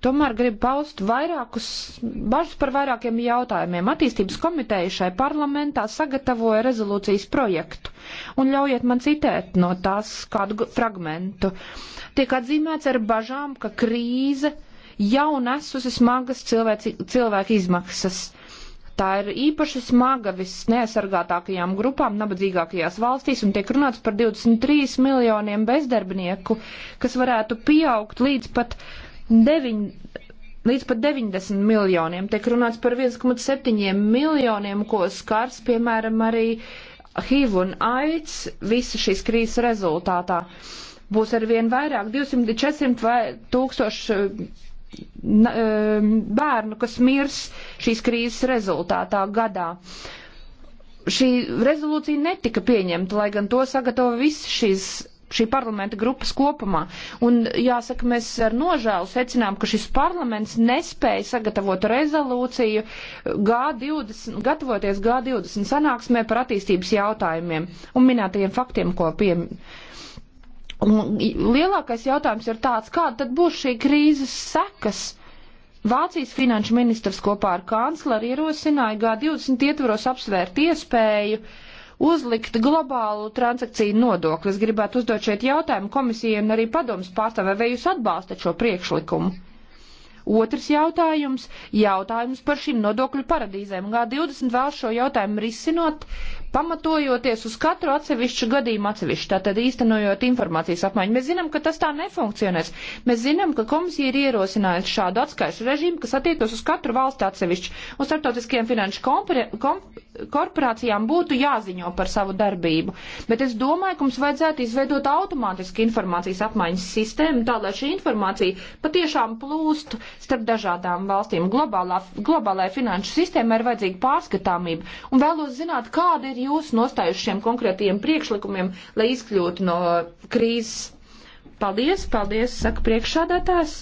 Tomēr gribu paust vairākus bažas par vairākiem jautājumiem. Attīstības komiteja šai parlamentā sagatavoja rezolūcijas projektu. Un ļaujiet man citēt no tās kādu fragmentu. Tiek atzīmēts ar bažām, ka krīze jau nesusi smagas cilvēci, cilvēku izmaksas. Tā ir īpaši smaga visneaizsargātākajām grupām, nabadzīgākajās valstīs, un tiek runāts par 23 miljoniem bezdarbnieku, kas varētu pieaugt līdz pat 9. Līdz pat 90 miljoniem tiek runāts par 1,7 miljoniem, ko skars, piemēram, arī HIV un AIDS visa šīs krīzes rezultātā. Būs arvien vairāk, 200 līdz 400 vai 1000 Um, bērnu, kas mirs šīs krīzes rezultātā gadā. Šī rezolūcija netika pieņemta, lai gan to sagatavo visas šīs šī parlamenta grupas kopumā. Un jāsaka, mēs ar nožēlu secinām, ka šis parlaments nespēja sagatavot rezolūciju G20, gatavoties G20 sanāksmē par attīstības jautājumiem un minētajiem faktiem, ko pieminēja Lielākais jautājums ir tāds, kāda tad būs šī krīzes sekas? Vācijas finanšu ministrs kopā ar kancleru ierosināja G20 ietvaros apsvērt iespēju uzlikt globālu transakciju nodokli. Es gribētu uzdot šeit jautājumu komisijai un arī padomus pārstāvē, vai jūs atbalstat šo priekšlikumu? Otrs jautājums - jautājums par šīm nodokļu paradīzēm. G20 vēl šo jautājumu risinot, pamatojoties uz katru atsevišķu gadījumu atsevišķi, tātad īstenojot informācijas apmaiņu. Mēs zinām, ka tas tā nefunkcionēs. Mēs zinām, ka komisija ir ierosinājusi šādu atskaišu režīmu, kas attiektos uz katru valsti atsevišķi, un starptautiskajiem finanšu kompre, kom, korporācijām būtu jāziņo par savu darbību. Bet es domāju, ka mums vajadzētu izveidot automātisku informācijas apmaiņas sistēmu, tā lai šī informācija patiešām plūstu starp dažādām valstīm. Globālā, globālai finanšu sistēmai ir vajadzīga pārskatāmība, un vēlos zināt, kāda ir ir jūsu nostāju šiem konkrētajiem priekšlikumiem, lai izkļūtu no krīzes? Paldies, paldies, saka priekšādātājs.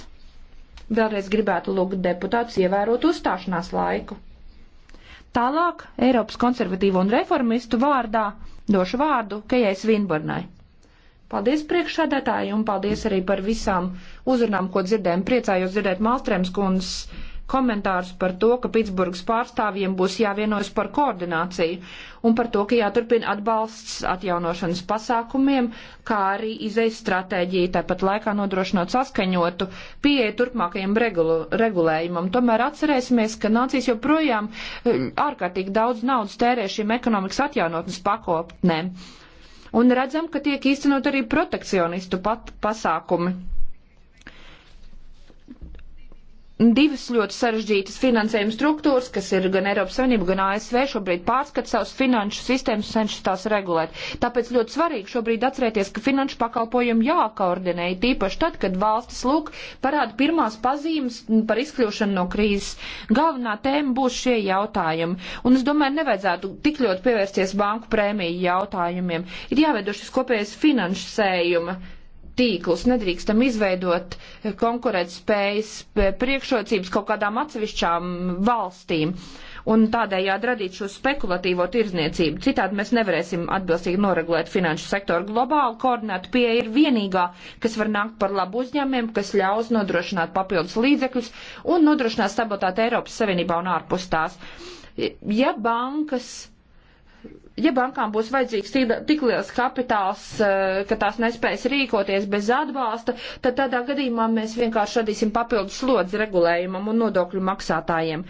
Vēlreiz gribētu lūgt deputātus ievērot uzstāšanās laiku. Tālāk Eiropas konservatīvo un reformistu vārdā došu vārdu Kejais Vinbornai. Paldies priekšsādātāji un paldies arī par visām uzrunām, ko dzirdējām. Priecājos dzirdēt Malstrēms kundzes komentārus par to, ka Pitsburgas pārstāvjiem būs jāvienojas par koordināciju un par to, ka jāturpina atbalsts atjaunošanas pasākumiem, kā arī izejas stratēģija, tāpat laikā nodrošinot saskaņotu pieeja turpmākajam regulu, regulējumam. Tomēr atcerēsimies, ka nācijas joprojām eh, ārkārtīgi daudz naudas tērē šīm ekonomikas atjaunotnes pakopnēm. Un redzam, ka tiek īstenot arī protekcionistu pat pasākumi divas ļoti sarežģītas finansējuma struktūras, kas ir gan Eiropas Savienība, gan ASV šobrīd pārskata savus finanšu sistēmas, cenšas tās regulēt. Tāpēc ļoti svarīgi šobrīd atcerēties, ka finanšu pakalpojumu jākoordinē, tīpaši tad, kad valstis lūk parāda pirmās pazīmes par izkļūšanu no krīzes. Galvenā tēma būs šie jautājumi. Un es domāju, nevajadzētu tik ļoti pievērsties banku prēmiju jautājumiem. Ir jāveido šis kopējais finansējuma tīklus. Nedrīkstam izveidot eh, konkurēt spējas eh, priekšrocības kaut kādām atsevišķām valstīm un tādējādi radīt šo spekulatīvo tirzniecību. Citādi mēs nevarēsim atbilstīgi noregulēt finanšu sektoru. Globāli koordinēta pieeja ir vienīgā, kas var nākt par labu uzņēmumiem, kas ļaus nodrošināt papildus līdzekļus un nodrošināt stabilitāti Eiropas Savienībā un ārpus tās. Ja bankas ja bankām būs vajadzīgs tik liels kapitāls, eh, ka tās nespēs rīkoties bez atbalsta, tad tādā gadījumā mēs vienkārši radīsim papildus slodzi regulējumam un nodokļu maksātājiem.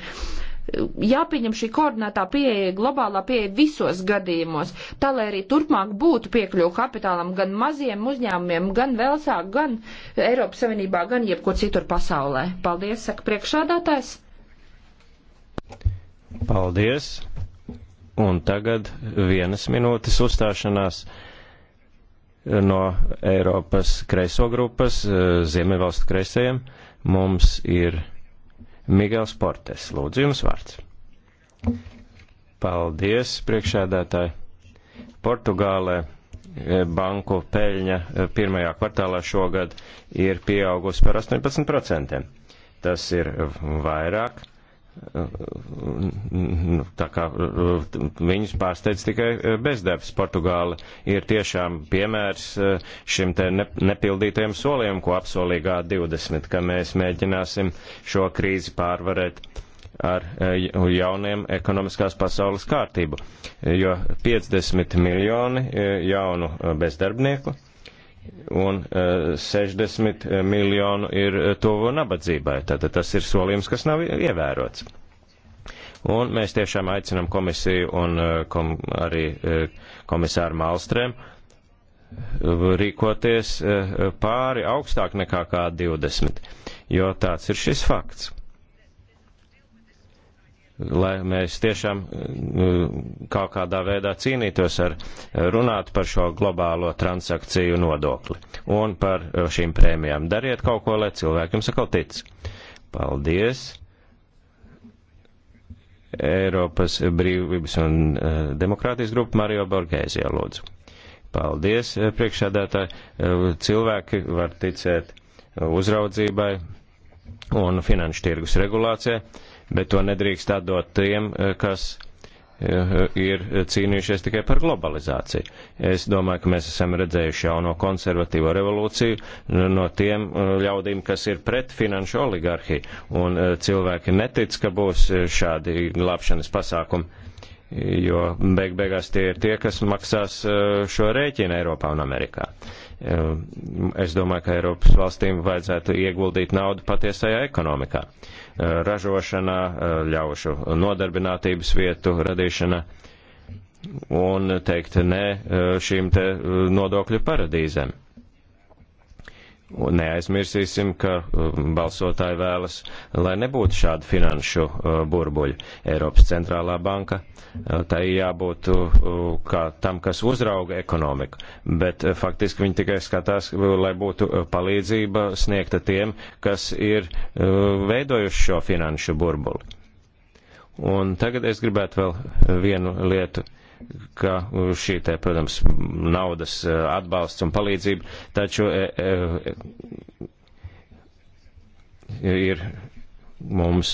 Jāpieņem šī koordinētā pieeja, globālā pieeja visos gadījumos, tā lai arī turpmāk būtu piekļuva kapitālam gan maziem uzņēmumiem, gan Velsāk, gan Eiropas Savienībā, gan jebkur citur pasaulē. Paldies, saka priekšādātājs. Paldies. Un tagad vienas minūtes uzstāšanās no Eiropas kreiso grupas, eh, Ziemevalstu kreisajiem, mums ir Migels Portes. Lūdzu, jums vārds. Paldies, priekšēdētāji. Portugālē eh, banku peļņa eh, pirmajā kvartālā šogad ir pieaugusi par 18%. Tas ir vairāk Nu, tā kā eh, viņus pārsteidz tikai eh, bezdevs. Portugāla ir tiešām piemērs eh, šim te nepildītajam solījumam, ko apsolīja G20, ka mēs mēģināsim šo krīzi pārvarēt ar jauniem ekonomiskās pasaules kārtību, jo 50 miljoni jaunu bezdarbnieku un 60 e, miljonu ir e, tuvo nabadzībai. Tātad tas ir solījums, kas nav ievērots. Un mēs tiešām aicinam komisiju un e, kom, arī komisāru Malstrēm rīkoties pāri augstāk nekā kā 20, jo tāds ir šis fakts lai mēs tiešām eh, kaut kādā veidā cīnītos ar eh, runāt par šo globālo transakciju nodokli un par eh, šīm prēmijām. Dariet kaut ko, lai cilvēkiem sakal tic. Paldies! Eiropas brīvības un demokrātijas grupa Mario Borgēzijā lūdzu. Paldies, priekšādātāji. Cilvēki var ticēt uzraudzībai un finanšu tirgus regulācijai bet to nedrīkst atdot tiem, eh, kas eh, ir cīnījušies tikai par globalizāciju. Es domāju, ka mēs esam redzējuši jauno konservatīvo revolūciju no tiem eh, ļaudīm, kas ir pret finanšu oligarhiju, un cilvēki netic, ka būs šādi glābšanas pasākumi, jo beig beigās tie ir tie, kas maksās šo rēķinu Eiropā un Amerikā. Es domāju, ka Eiropas valstīm vajadzētu ieguldīt naudu patiesajā ekonomikā. Uh, Eh, ražošana, eh, ļaušu nodarbinātības vietu radīšana un teikt nē eh, šīm te nodokļu paradīzēm. Neaizmirsīsim, ka um, balsotāji vēlas, lai nebūtu šādu finanšu uh, burbuļu. Eiropas centrālā banka, uh, tai jābūt uh, kā tam, kas uzrauga ekonomiku, bet faktiski viņi tikai skatās, lai būtu palīdzība sniegta tiem, kas ir veidojuši šo finanšu burbuli. Un tagad es gribētu vēl vienu lietu ka uh, šī te, protams, naudas uh, atbalsts un palīdzība, taču e, e, ir mums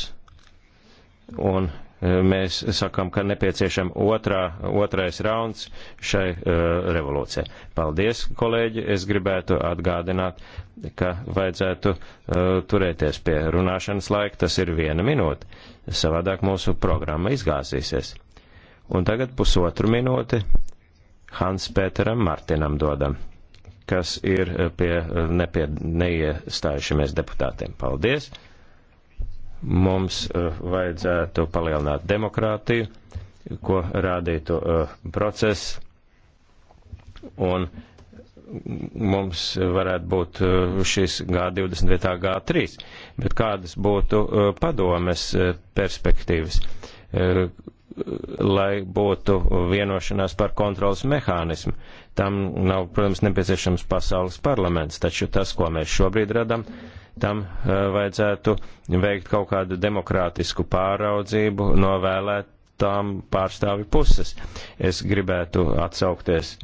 un e, mēs sakam, ka nepieciešam otrā, otrais rauns šai uh, revolūcijai. Paldies, kolēģi! Es gribētu atgādināt, ka vajadzētu uh, turēties pie runāšanas laika, tas ir viena minūte. Savādāk mūsu programma izgāzīsies. Un tagad pusotru minūti Hans Pēteram Martinam dodam, kas ir eh, pie, eh, nepie, neiestājušamies deputātiem. Paldies! Mums eh, vajadzētu palielināt demokrātiju, ko rādītu process, un mums varētu būt šis G20 vietā G3, bet kādas būtu padomes perspektīvas? lai būtu vienošanās par kontrolas mehānismu. Tam nav, protams, nepieciešams pasaules parlaments, taču tas, ko mēs šobrīd radam, tam eh, vajadzētu veikt kaut kādu demokrātisku pāraudzību no vēlētām pārstāvi puses. Es gribētu atsaukties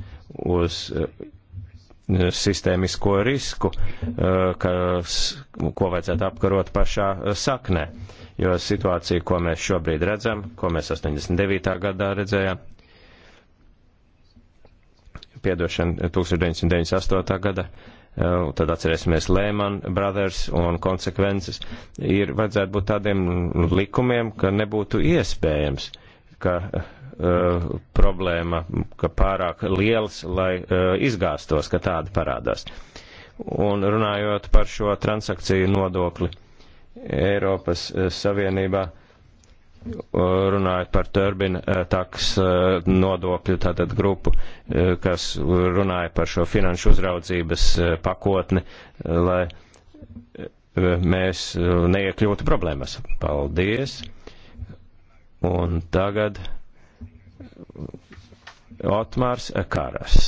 uz eh, sistēmisko risku, eh, kas, ko vajadzētu apkarot pašā saknē jo situācija, ko mēs šobrīd redzam, ko mēs 89. gadā redzējām, piedošana 1998. gada, eh, tad atcerēsimies Lehman Brothers un konsekvences, ir vajadzētu būt tādiem likumiem, ka nebūtu iespējams, ka uh, problēma, ka pārāk liels, lai uh, eh, izgāstos, ka tāda parādās. Un runājot par šo transakciju nodokli, uh, Eiropas eh, Savienībā runājot par turbina eh, taks eh, nodokļu tātad grupu, kas runāja par šo finanšu uzraudzības pakotni, lai mēs neiekļūtu problēmas. Paldies! Un tagad Otmārs Karas.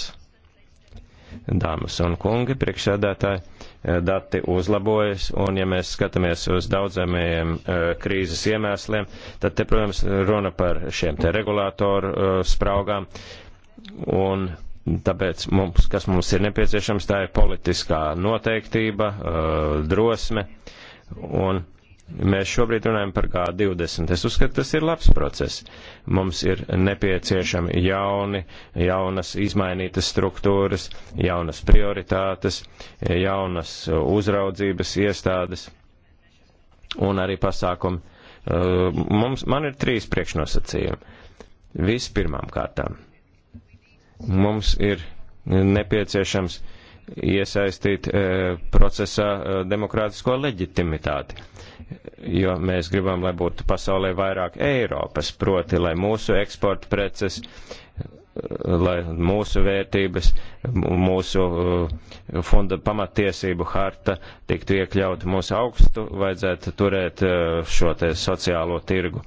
Dāmas un kungi, priekšsēdētāji Eh, dati uzlabojas, un ja mēs skatāmies uz daudzamajiem eh, krīzes iemesliem, tad te, protams, runa par šiem te regulātoru eh, spraugām, un tāpēc mums, kas mums ir nepieciešams, tā ir politiskā noteiktība, drosme, un Mēs šobrīd runājam par G20. Es uzskatu, tas ir labs process. Mums ir nepieciešami jauni, jaunas izmainītas struktūras, jaunas prioritātes, jaunas uzraudzības iestādes un arī pasākumi. Uh, mums, man ir trīs priekšnosacījumi. Vispirmām kārtām mums ir nepieciešams uh, iesaistīt e, procesā e, demokrātisko leģitimitāti. Jo mēs gribam, lai būtu pasaulē vairāk Eiropas, proti, lai mūsu eksporta preces, e, lai mūsu vērtības, mūsu fonda pamatiesību harta tiktu iekļauta mūsu augstu, vajadzētu turēt šo te sociālo tirgu.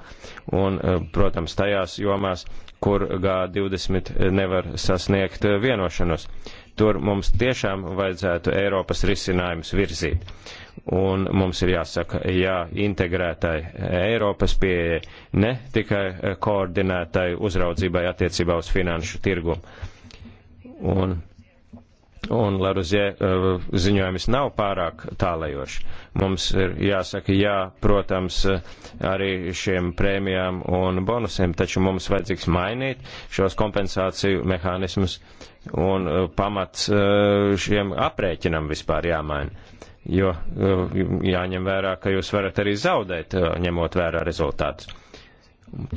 Un, protams, tajās jomās, kur G20 nevar sasniegt vienošanos Tur mums tiešām vajadzētu Eiropas risinājumus virzīt. Un mums ir jāsaka, jā, integrētai Eiropas pieejai, ne tikai koordinētai uzraudzībai attiecībā uz finanšu tirgumu. Un Un Laruzie eh, ziņojums nav pārāk tālajoši. Mums ir jāsaka jā, protams, eh, arī šiem prēmijām un bonusiem, taču mums vajadzīgs mainīt šos kompensāciju mehānismus un eh, pamats šiem aprēķinam vispār jāmaina. Jo jāņem vērā, ka jūs varat arī zaudēt, ņemot vērā rezultātus.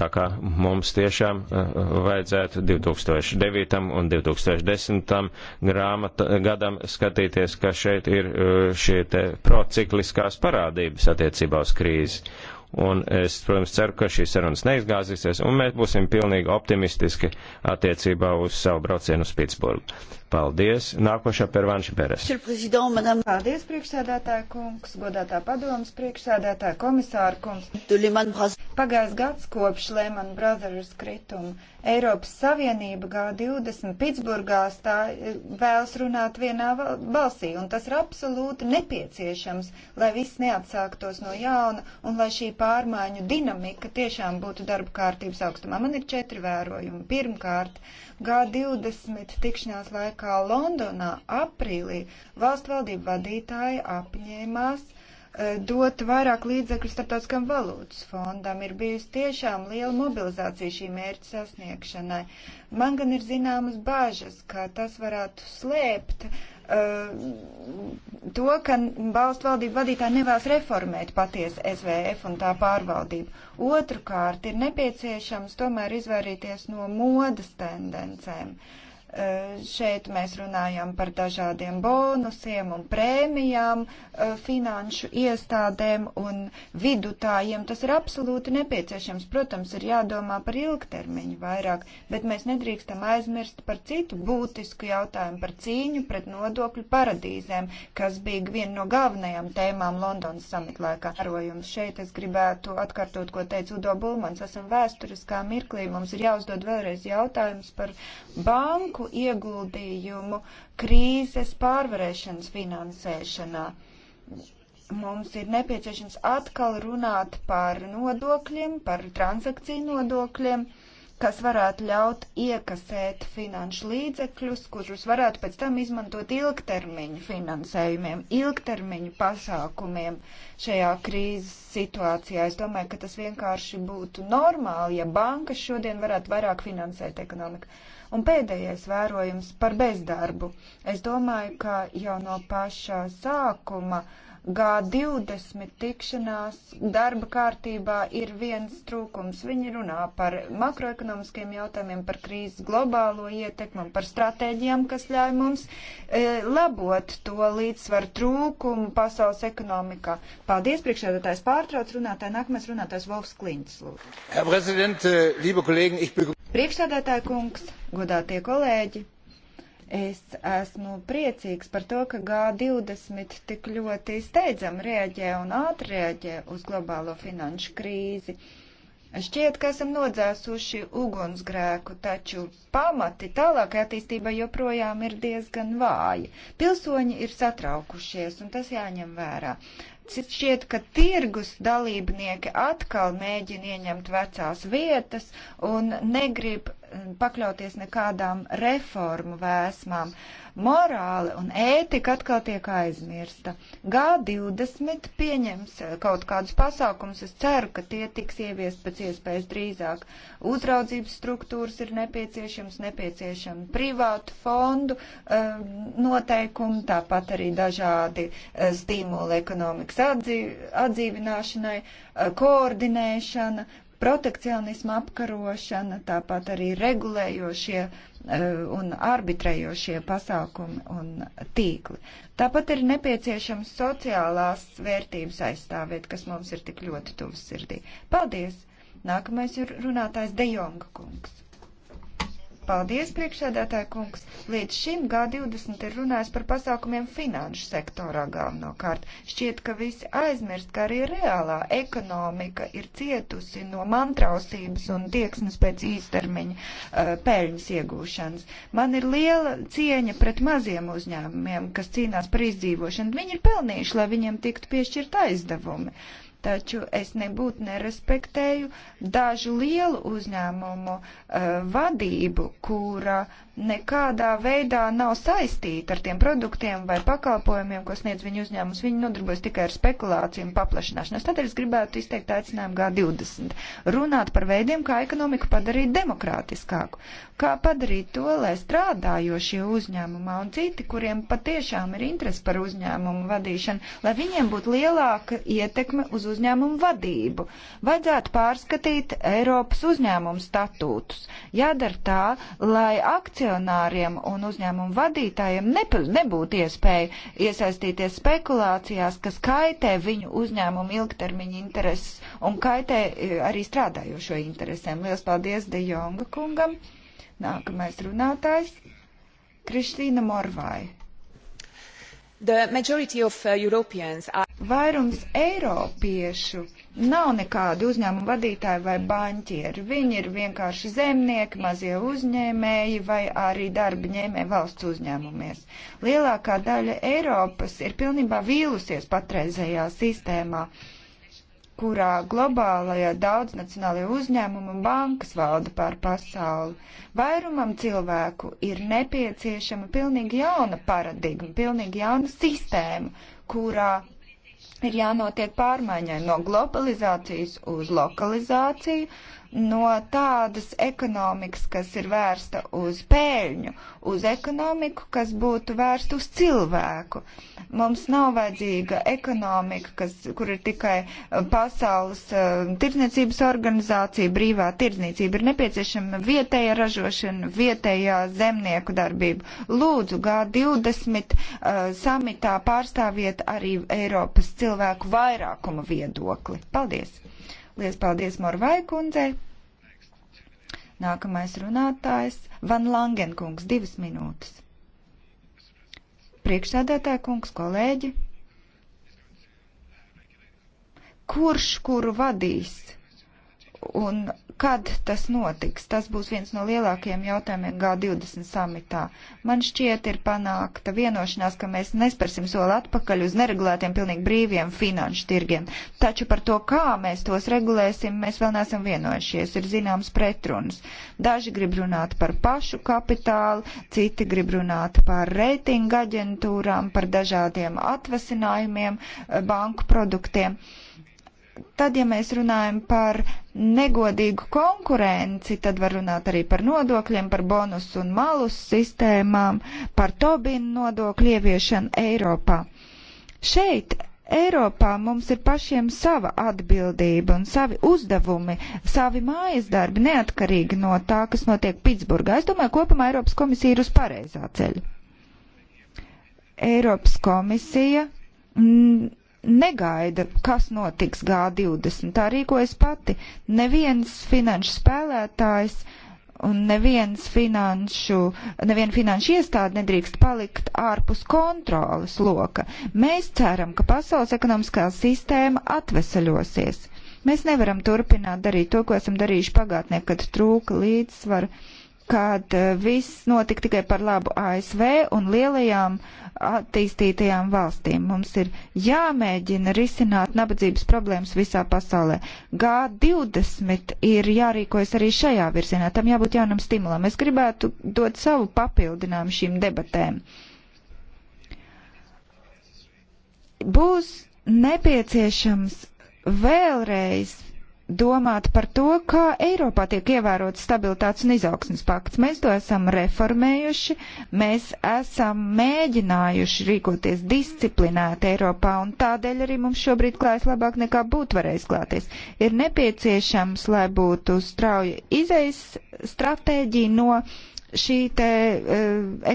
Tā kā mums tiešām eh, vajadzētu 2009. un 2010. Grāmata, gadam skatīties, ka šeit ir eh, šie te procikliskās parādības attiecībā uz krīzi. Un es, protams, ceru, ka šīs sarunas neizgāzīsies, un mēs būsim pilnīgi optimistiski attiecībā uz savu braucienu uz Pitsburgu. Paldies. Nākošā pervāņš Beres. Paldies, priekšsēdētāja kungs, godātā padomas priekšsēdētāja komisāra kungs. Pagājis gads kopš Lehman Brothers krituma. Eiropas Savienība G20 Pitsburgā stā, vēlas runāt vienā balsī, un tas ir absolūti nepieciešams, lai viss neatsāktos no jauna, un lai šī pārmaiņu dinamika tiešām būtu darba kārtības augstumā. Man ir četri vērojumi. Pirmkārt, uh, G20 tikšanās laikā Londonā aprīlī valstu valdību vadītāji apņēmās eh, dot vairāk līdzekļu starptautiskam valūtas fondam. Ir bijusi tiešām liela mobilizācija šī mērķa sasniegšanai. Man gan ir zināmas bāžas, ka tas varētu slēpt uh, Uh, to, ka valstu valdību vadītāji nevēlas reformēt patiesu SVF un tā pārvaldību. Otrukārt, ir nepieciešams tomēr izvairīties no modas tendencēm. Uh, Eh, šeit mēs runājam par dažādiem bonusiem un prēmijām eh, finanšu iestādēm un vidutājiem. Tas ir absolūti nepieciešams. Protams, ir jādomā par ilgtermiņu vairāk, bet mēs nedrīkstam aizmirst par citu būtisku jautājumu, par cīņu pret nodokļu paradīzēm, kas bija viena no galvenajām tēmām Londonas samita laikā. Arojums. Šeit es gribētu atkārtot, ko teica Udo Bulmans. Esam vēsturiskā mirklī. Mums ir jāuzdod vēlreiz jautājums par banku savu ieguldījumu krīzes pārvarēšanas finansēšanā. Mums ir nepieciešams atkal runāt par nodokļiem, par transakciju nodokļiem. Uh, kas varētu ļaut iekasēt finanšu līdzekļus, kurus varētu pēc tam izmantot ilgtermiņu finansējumiem, ilgtermiņu pasākumiem šajā krīzes situācijā. Es domāju, ka tas vienkārši būtu normāli, ja bankas šodien varētu vairāk finansēt ekonomiku. Un pēdējais vērojums par bezdarbu. Es domāju, ka jau no pašā sākuma uh, G20 tikšanās darba kārtībā ir viens trūkums. Viņi runā par makroekonomiskiem jautājumiem, par krīzes globālo ietekmi, par stratēģijām, kas ļauj mums e, labot to līdzsvaru trūkumu pasaules ekonomikā. Paldies, priekšēdotājs pārtrauc runātāji. Nākamais runātājs Volfs Klints. Herr Präsident, liebe Kollegen, ich begrüße. Priekšsēdētāja kungs, godātie kolēģi! Es esmu priecīgs par to, ka G20 tik ļoti steidzam rēģē un ātri rēģē uz globālo finanšu krīzi. Šķiet, ka esam nodzēsuši ugunsgrēku, taču pamati tālākai attīstībai joprojām ir diezgan vāji. Pilsoņi ir satraukušies, un tas jāņem vērā šķiet, ka tirgus dalībnieki atkal mēģina ieņemt vecās vietas un negrib eh, pakļauties nekādām reformu vēsmām. Uh, Morāli un ētika atkal tiek aizmirsta. G20 pieņems kaut kādus pasākums, es ceru, ka tie tiks ieviest pēc iespējas drīzāk. Uzraudzības struktūras ir nepieciešams, nepieciešami privātu fondu uh, noteikumi, tāpat arī dažādi uh, stimuli ekonomikas atdzīvināšanai, uh, koordinēšana, protekcionisma apkarošana, tāpat arī regulējošie e, un arbitrējošie pasākumi un tīkli. Tāpat ir nepieciešams sociālās vērtības aizstāvēt, kas mums ir tik ļoti tuvs sirdī. Paldies! Nākamais ir runātājs Dejonga kungs. Paldies, priekšsēdētāja kungs. Līdz šim G20 ir runājis par pasākumiem finanšu sektorā galvenokārt. Šķiet, ka visi aizmirst, ka arī reālā ekonomika ir cietusi no mantrausības un tieksmes pēc īstermiņa uh, peļņas iegūšanas. Man ir liela cieņa pret maziem uzņēmumiem, kas cīnās par izdzīvošanu. Viņi ir pelnījuši, lai viņiem tiktu piešķirt aizdevumi. Uh, taču es nebūtu nerespektēju dažu lielu uzņēmumu uh, vadību, kura nekādā veidā nav saistīti ar tiem produktiem vai pakalpojumiem, ko sniedz viņu uzņēmums. Viņi nodarbojas tikai ar spekulāciju un paplašināšanos. Tad es gribētu izteikt aicinājumu G20 runāt par veidiem, kā ekonomiku padarīt demokrātiskāku, kā padarīt to, lai strādājošie uzņēmumā un citi, kuriem patiešām ir interesi par uzņēmumu vadīšanu, lai viņiem būtu lielāka ietekme uz uzņēmumu vadību. Vajadzētu pārskatīt Eiropas uzņēmumu statūtus. Jādara tā, lai akcija akcionāriem un uzņēmumu vadītājiem nepa, nebūtu iespēja iesaistīties spekulācijās, kas kaitē viņu uzņēmumu ilgtermiņa intereses un kaitē e, arī strādājošo interesēm. Lielas paldies De Jonga kungam. Nākamais runātājs - Kristīna Morvai. The majority of uh, Europeans are Vairums Eiropiešu nav nekādi uzņēmumu vadītāji vai baņķieri. Viņi ir vienkārši zemnieki, mazie uzņēmēji vai arī darba ņēmēji valsts uzņēmumies. Lielākā daļa Eiropas ir pilnībā vīlusies patreizējā sistēmā kurā globālajā daudznacionālajā uzņēmuma bankas valda pār pasauli. Vairumam cilvēku ir nepieciešama pilnīgi jauna paradigma, pilnīgi jauna sistēma, kurā ir jānotiek pārmaiņai no globalizācijas uz lokalizāciju, no tādas ekonomikas, kas ir vērsta uz pēļņu, uz ekonomiku, kas būtu vērsta uz cilvēku. Mums nav vajadzīga ekonomika, kas, kur ir tikai eh, pasaules uh, tirdzniecības organizācija, brīvā tirdzniecība. Ir nepieciešama vietēja ražošana, vietējā zemnieku darbība. Lūdzu, G20 uh, samitā pārstāviet arī Eiropas cilvēku vairākuma viedokli. Paldies! Lies paldies Morvai kundzei. Nākamais runātājs Van Langenkungs, divas minūtes. Priekšsēdētāja kungs, kolēģi. Kurš kuru vadīs? Un Kad tas notiks? Tas būs viens no lielākajiem jautājumiem G20 samitā. Man šķiet ir panākta vienošanās, ka mēs nespersim soli atpakaļ uz neregulētiem, pilnīgi brīviem finanšu tirgiem. Taču par to, kā mēs tos regulēsim, mēs vēl neesam vienojušies. Ir zināms pretrunas. Daži grib runāt par pašu kapitālu, citi grib runāt par reitingu aģentūrām, par dažādiem atvasinājumiem, eh, banku produktiem. Uh, Tad, ja mēs runājam par negodīgu konkurenci, tad var runāt arī par nodokļiem, par bonus un malus sistēmām, par Tobinu nodokļu ieviešanu Eiropā. Šeit Eiropā mums ir pašiem sava atbildība un savi uzdevumi, savi mājas darbi, neatkarīgi no tā, kas notiek Pitsburgā. Es domāju, kopumā Eiropas komisija ir uz pareizā ceļa. Eiropas komisija. Mm, negaida, kas notiks G20. Tā rīkojas pati. Neviens finanšu spēlētājs un neviens finanšu, neviena finanšu iestāde nedrīkst palikt ārpus kontrolas loka. Mēs ceram, ka pasaules ekonomiskā sistēma atvesaļosies. Mēs nevaram turpināt darīt to, ko esam darījuši pagātnē, kad trūka līdzsvara kad eh, viss notika tikai par labu ASV un lielajām attīstītajām valstīm. Mums ir jāmēģina risināt nabadzības problēmas visā pasaulē. G20 ir jārīkojas arī šajā virzienā, tam jābūt jaunam stimulam. Es gribētu dot savu papildinājumu šīm debatēm. Būs nepieciešams vēlreiz domāt par to, kā Eiropā tiek ievērots stabilitātes un izaugsmas pakts. Mēs to esam reformējuši, mēs esam mēģinājuši rīkoties disciplinēti Eiropā, un tādēļ arī mums šobrīd klājas labāk nekā būtu varējis klāties. Ir nepieciešams, lai būtu strauja izejas stratēģija no šī te uh,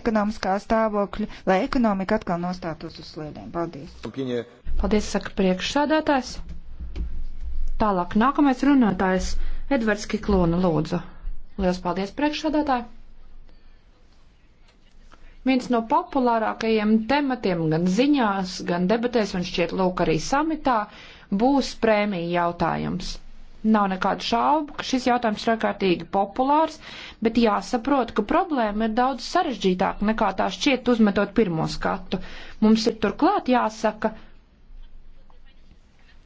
ekonomiskā stāvokļa, lai ekonomika atkal nostātos uz sliedēm. Paldies! Paldies, saka priekšsādātājs! Tālāk nākamais runātājs Edvards Kiklona lūdzu. Lielas paldies priekšsādātāji! Viens no populārākajiem tematiem gan ziņās, gan debatēs un šķiet lūk arī samitā būs prēmija jautājums. Nav nekādu šaubu, ka šis jautājums ir ārkārtīgi populārs, bet jāsaprot, ka problēma ir daudz sarežģītāka nekā tā šķiet uzmetot pirmo skatu. Mums ir turklāt jāsaka,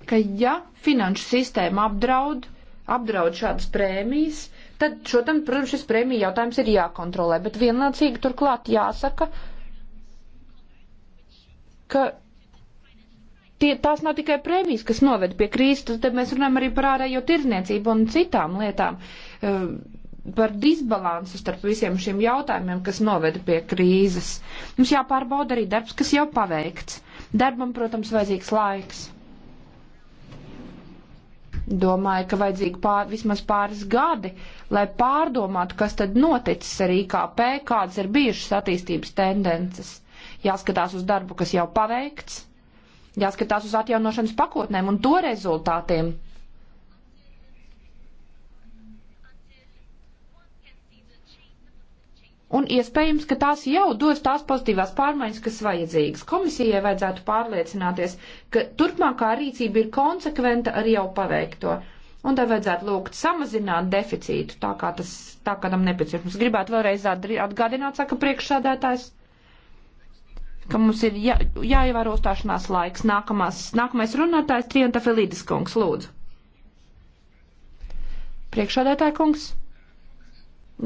ka ja finanšu sistēma apdraud, apdraud šādas prēmijas, tad, šotam, protams, šis prēmija jautājums ir jākontrolē, bet vienlaicīgi turklāt jāsaka, ka tie, tās nav tikai prēmijas, kas noved pie krīzes, tad mēs runājam arī par ārējo tirzniecību un citām lietām, ehm, par disbalansu starp visiem šiem jautājumiem, kas noveda pie krīzes. Mums jāpārbauda arī darbs, kas jau paveikts. Darbam, protams, vajadzīgs laiks. Domāju, ka vajadzīgi pār, vismaz pāris gadi, lai pārdomātu, kas tad noticis ar IKP, kādas ir bijušas attīstības tendences. Jāskatās uz darbu, kas jau paveikts, jāskatās uz atjaunošanas pakotnēm un to rezultātiem. un iespējams, ka tās jau dos tās pozitīvās pārmaiņas, kas vajadzīgas. Komisijai vajadzētu pārliecināties, ka turpmākā rīcība ir konsekventa ar jau paveikto. Un tā vajadzētu lūgt samazināt deficītu, tā kā tas, tā kā tam nepieciešams. Gribētu vēlreiz atgādināt, saka priekšsādātājs, ka mums ir jā, jāievēro stāšanās laiks. Nākamās, nākamais runātājs Trienta Felīdis kungs, lūdzu. Priekšādātāja kungs.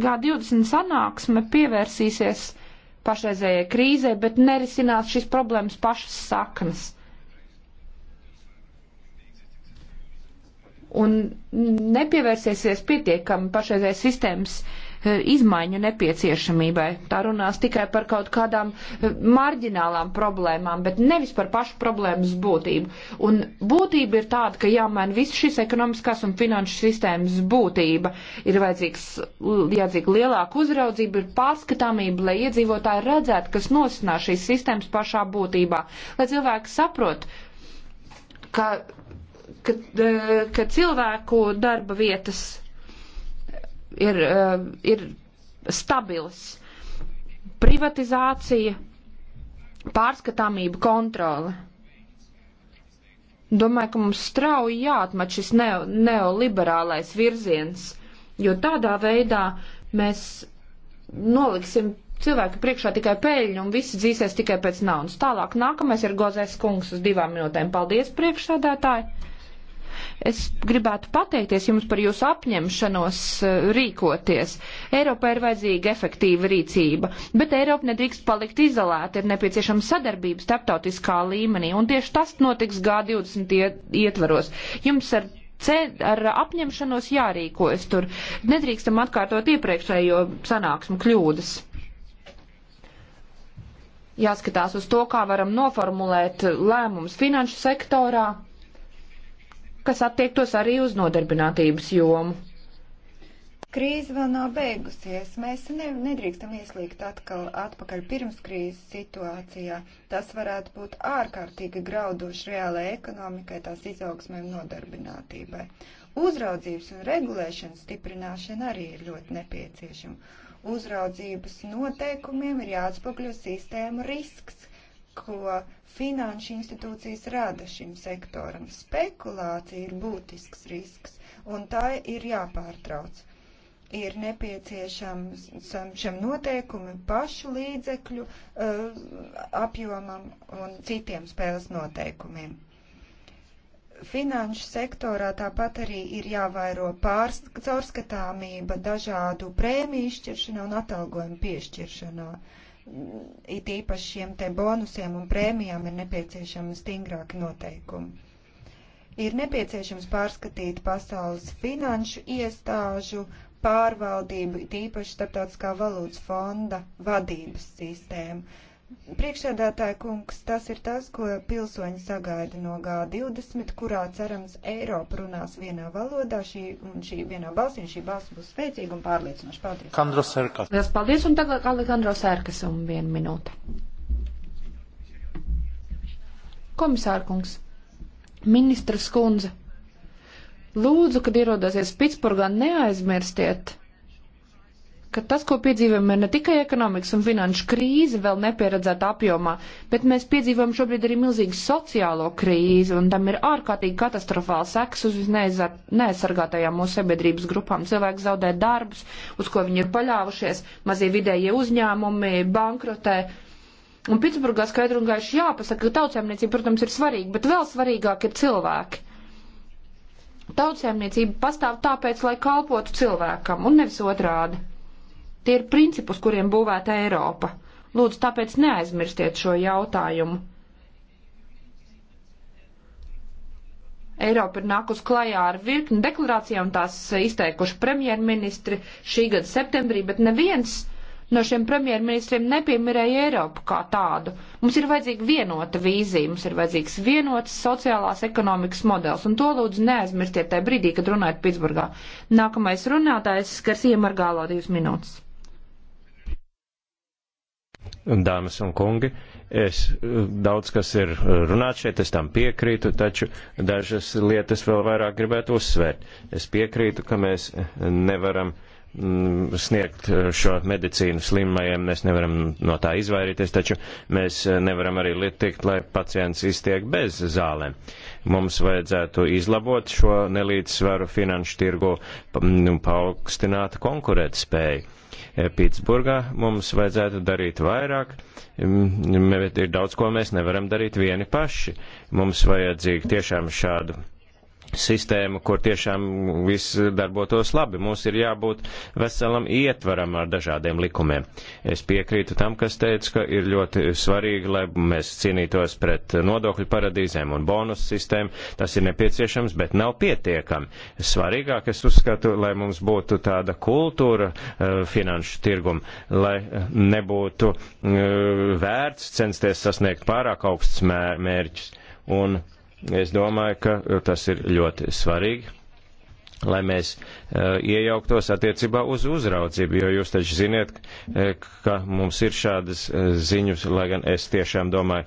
G20 sanāksme pievērsīsies pašreizējai krīzē, bet nerisinās šīs problēmas pašas saknes. Un nepievērsīsies pietiekami pašreizējai sistēmas uh, Eh, izmaiņu nepieciešamībai. Tā runās tikai par kaut kādām eh, marģinālām problēmām, bet nevis par pašu problēmas būtību. Un būtība ir tāda, ka jāmaina viss šis ekonomiskās un finanšu sistēmas būtība. Ir vajadzīgs, vajadzīga lielāka uzraudzība, ir pārskatāmība, lai iedzīvotāji redzētu, kas nosinās šīs sistēmas pašā būtībā, lai cilvēki saprot, ka, ka, eh, ka cilvēku darba vietas ir, eh, ir stabils. Privatizācija, pārskatāmība, kontrole. Domāju, ka mums strauji jāatmat šis neo, neoliberālais virziens, jo tādā veidā mēs noliksim cilvēku priekšā tikai peļņu un visi dzīsies tikai pēc naudas. Tālāk nākamais ir Gozais kungs uz divām minūtēm. Paldies, priekšsēdētāji! Es gribētu pateikties jums par jūsu apņemšanos eh, rīkoties. Eiropā ir vajadzīga efektīva rīcība, bet Eiropa nedrīkst palikt izolēta, ir nepieciešama sadarbība starptautiskā līmenī, un tieši tas notiks G20 ietvaros. Jums ar ar apņemšanos jārīkojas tur. Nedrīkstam atkārtot iepriekšējo sanāksmu kļūdas. Jāskatās uz to, kā varam noformulēt lēmumus finanšu sektorā kas attiektos arī uz nodarbinātības jomu. Krīze vēl nav beigusies. Mēs ne, nedrīkstam ieslīgt atkal atpakaļ pirms krīzes situācijā. Tas varētu būt ārkārtīgi graudoši reālajai ekonomikai, tās izaugsmēm nodarbinātībai. Uzraudzības un regulēšanas stiprināšana arī ir ļoti nepieciešama. Uzraudzības noteikumiem ir jāatspogļo sistēmu risks, ko finanšu institūcijas rada šim sektoram. Spekulācija ir būtisks risks, un tā ir jāpārtrauc. Ir nepieciešams šam noteikumi pašu līdzekļu uh, apjomam un citiem spēles noteikumiem finanšu sektorā tāpat arī ir jāvairo pārskatāmība dažādu prēmiju izšķiršanā un atalgojumu piešķiršanā. Uh, it īpaši šiem te bonusiem un prēmijām ir nepieciešami stingrāki noteikumi. Ir nepieciešams pārskatīt pasaules finanšu iestāžu pārvaldību, it īpaši starptautiskā valūtas fonda vadības sistēmu Priekšsēdētāja kungs, tas ir tas, ko pilsoņi sagaida no G20, kurā cerams Eiropa runās vienā valodā, šī, un šī vienā balsī, un šī balss būs spēcīga un pārliecinoša. Paldies. Kandro Sērkas. Lielas paldies, un tagad Alekandro Sērkas un viena minūte. Komisārkungs, ministra skundze, lūdzu, kad ierodāsies Pitsburgā, neaizmirstiet ka tas, ko piedzīvojam, ir ne tikai ekonomikas un finanšu krīze vēl nepieredzēta apjomā, bet mēs piedzīvojam šobrīd arī milzīgu sociālo krīzi, un tam ir ārkārtīgi katastrofāls seks uz neaizsargātajām mūsu sabiedrības grupām. Cilvēki zaudē darbus, uz ko viņi ir paļāvušies, mazie vidējie uzņēmumi, bankrotē. Un Pitsburgā skaidri un gaiši jāpasaka, ka tautsēmniecība, protams, ir svarīga, bet vēl svarīgāk ir cilvēki. Tautsēmniecība pastāv tāpēc, lai kalpotu cilvēkam, un nevis otrādi. Tie ir principi, uz kuriem būvēta Eiropa. Lūdzu, tāpēc neaizmirstiet šo jautājumu. Eiropa ir nākus klajā ar virkni deklarācijām, tās izteikuši premjerministri šī gada septembrī, bet neviens no šiem premjerministriem nepiemirēja Eiropu kā tādu. Mums ir vajadzīga vienota vīzija, mums ir vajadzīgs vienots sociālās ekonomikas modelis, un to lūdzu neaizmirstiet tajā brīdī, kad runājat Pitsburgā. Nākamais runātājs skars iemargālo divas minūtes. Dāmas un kungi, es daudz kas ir runāts šeit, es tam piekrītu, taču dažas lietas vēl vairāk gribētu uzsvērt. Es piekrītu, ka mēs nevaram mm, sniegt šo medicīnu slimajiem, mēs nevaram no tā izvairīties, taču mēs nevaram arī tikt, lai pacients iztiek bez zālēm. Mums vajadzētu izlabot šo nelīdzsvaru finanšu tirgu mm, un paaugstināt konkurētspēju Eh, Pitsburgā mums vajadzētu darīt vairāk, mm, mm, bet ir daudz, ko mēs nevaram darīt vieni paši. Mums vajadzīgi tiešām šādu sistēmu, kur tiešām viss darbotos labi. Mums ir jābūt veselam ietvaram ar dažādiem likumiem. Es piekrītu tam, kas teica, ka ir ļoti svarīgi, lai mēs cīnītos pret nodokļu paradīzēm un bonus sistēmu. Tas ir nepieciešams, bet nav pietiekami. Svarīgāk es uzskatu, lai mums būtu tāda kultūra eh, finanšu tirguma, lai eh, nebūtu eh, vērts censties sasniegt pārāk augsts mērķus. Un Es domāju, ka tas ir ļoti svarīgi, lai mēs Eh, iejauktos attiecībā uz uzraudzību, jo jūs taču ziniet, eh, ka mums ir šādas eh, ziņas, lai gan es tiešām domāju,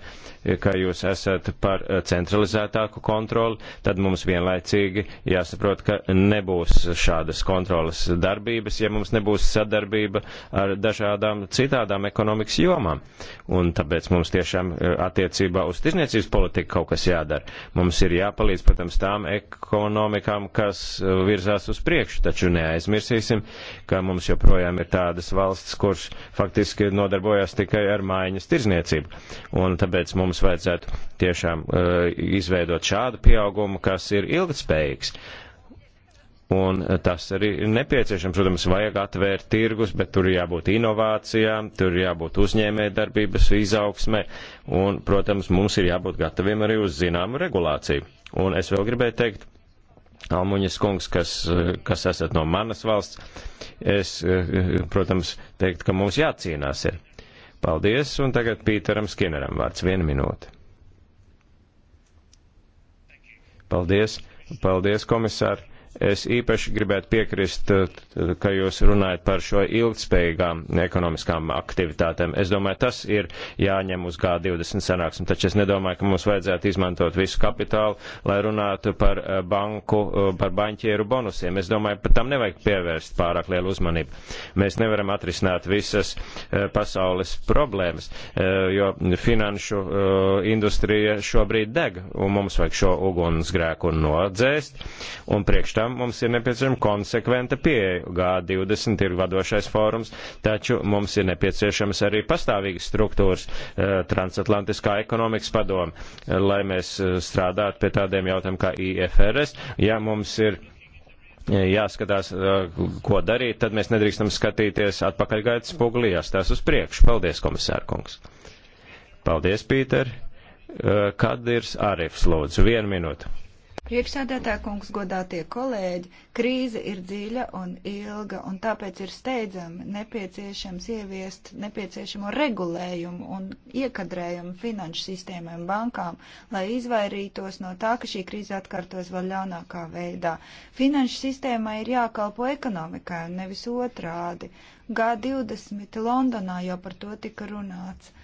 ka jūs esat par centralizētāku kontroli, tad mums vienlaicīgi jāsaprot, ka nebūs šādas kontrolas darbības, ja mums nebūs sadarbība ar dažādām citādām ekonomikas jomām. Un tāpēc mums tiešām attiecībā uz tirzniecības politiku kaut kas jādara. Mums ir jāpalīdz, protams, tām ekonomikām, kas virzās uz priekšu priekšu, taču neaizmirsīsim, ka mums joprojām ir tādas valsts, kuras faktiski nodarbojas tikai ar mājiņas tirzniecību. Un tāpēc mums vajadzētu tiešām uh, izveidot šādu pieaugumu, kas ir ilgtspējīgs. Un tas arī ir nepieciešams, protams, vajag atvērt tirgus, bet tur jābūt inovācijām, tur jābūt uzņēmē darbības izaugsmē, un, protams, mums ir jābūt gataviem arī uz zināmu regulāciju. Un es vēl gribēju teikt, Almuņas kungs, kas, kas esat no manas valsts, es, protams, teiktu, ka mums jācīnās ir. Paldies, un tagad Pīteram Skinneram vārds viena minūte. Paldies, paldies, komisāri. Es īpaši gribētu piekrist, eh, ka jūs runājat par šo ilgspējīgām ekonomiskām aktivitātēm. Es domāju, tas ir jāņem uz G20 sanāksmi, taču es nedomāju, ka mums vajadzētu izmantot visu kapitālu, lai runātu par eh, banku, eh, par baņķieru bonusiem. Es domāju, pat tam nevajag pievērst pārāk lielu uzmanību. Mēs nevaram atrisināt visas pasaules problēmas, jo finanšu industrija šobrīd deg, un mums vajag šo ugunsgrēku nodzēst, un priekš tā tam mums ir nepieciešama konsekventa pieeja. G20 ir vadošais fórums, taču mums ir nepieciešamas arī pastāvīgas struktūras eh, transatlantiskā ekonomikas padoma, eh, lai mēs eh, strādātu pie tādiem jautājumiem kā IFRS. Ja mums ir jāskatās, ko darīt, tad mēs nedrīkstam skatīties atpakaļgaitas spoguli, jāstās uz priekšu. Paldies, komisārkungs. Paldies, Pīter. Kad ir Arifs, lūdzu, vienu minūtu. Priekšsēdētā kungs godātie kolēģi, krīze ir dziļa un ilga, un tāpēc ir steidzami nepieciešams ieviest nepieciešamo regulējumu un iekadrējumu finanšu sistēmām bankām, lai izvairītos no tā, ka šī krīze atkārtos vēl ļaunākā veidā. Finanšu sistēmai ir jākalpo ekonomikai un nevis otrādi. G20 Londonā jau par to tika runāts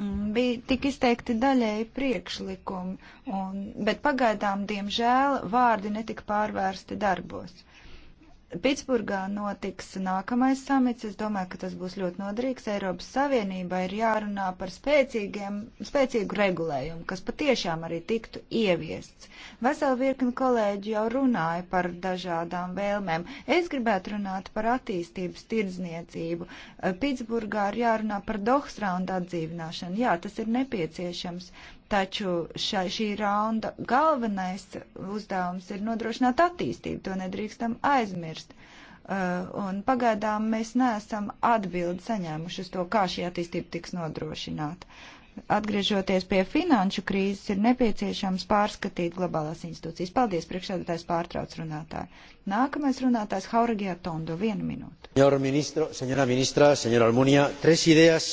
Mm, bija tik izteikti daļēji priekšlikumi, un, bet pagaidām, diemžēl, vārdi netika pārvērsti darbos. Pitsburgā notiks nākamais samits. Es domāju, ka tas būs ļoti noderīgs. Eiropas Savienībai ir jārunā par spēcīgu regulējumu, kas patiešām arī tiktu ieviests. Vesela virkni kolēģi jau runāja par dažādām vēlmēm. Es gribētu runāt par attīstības tirdzniecību. Pitsburgā ir jārunā par Dohs raundu atdzīvināšanu. Jā, tas ir nepieciešams. Taču šai, šī raunda galvenais uzdevums ir nodrošināt attīstību, to nedrīkstam aizmirst. Uh, un pagaidām mēs neesam atbildi saņēmuši uz to, kā šī attīstība tiks nodrošināta. Atgriežoties pie finanšu krīzes, ir nepieciešams pārskatīt globālās institūcijas. Paldies, priekšsēdētājs pārtrauc runātāju. Nākamais runātājs Hauragijā Tondo, vienu minūtu. Senora ministro, senora ministra, senora Almunia, tres idejas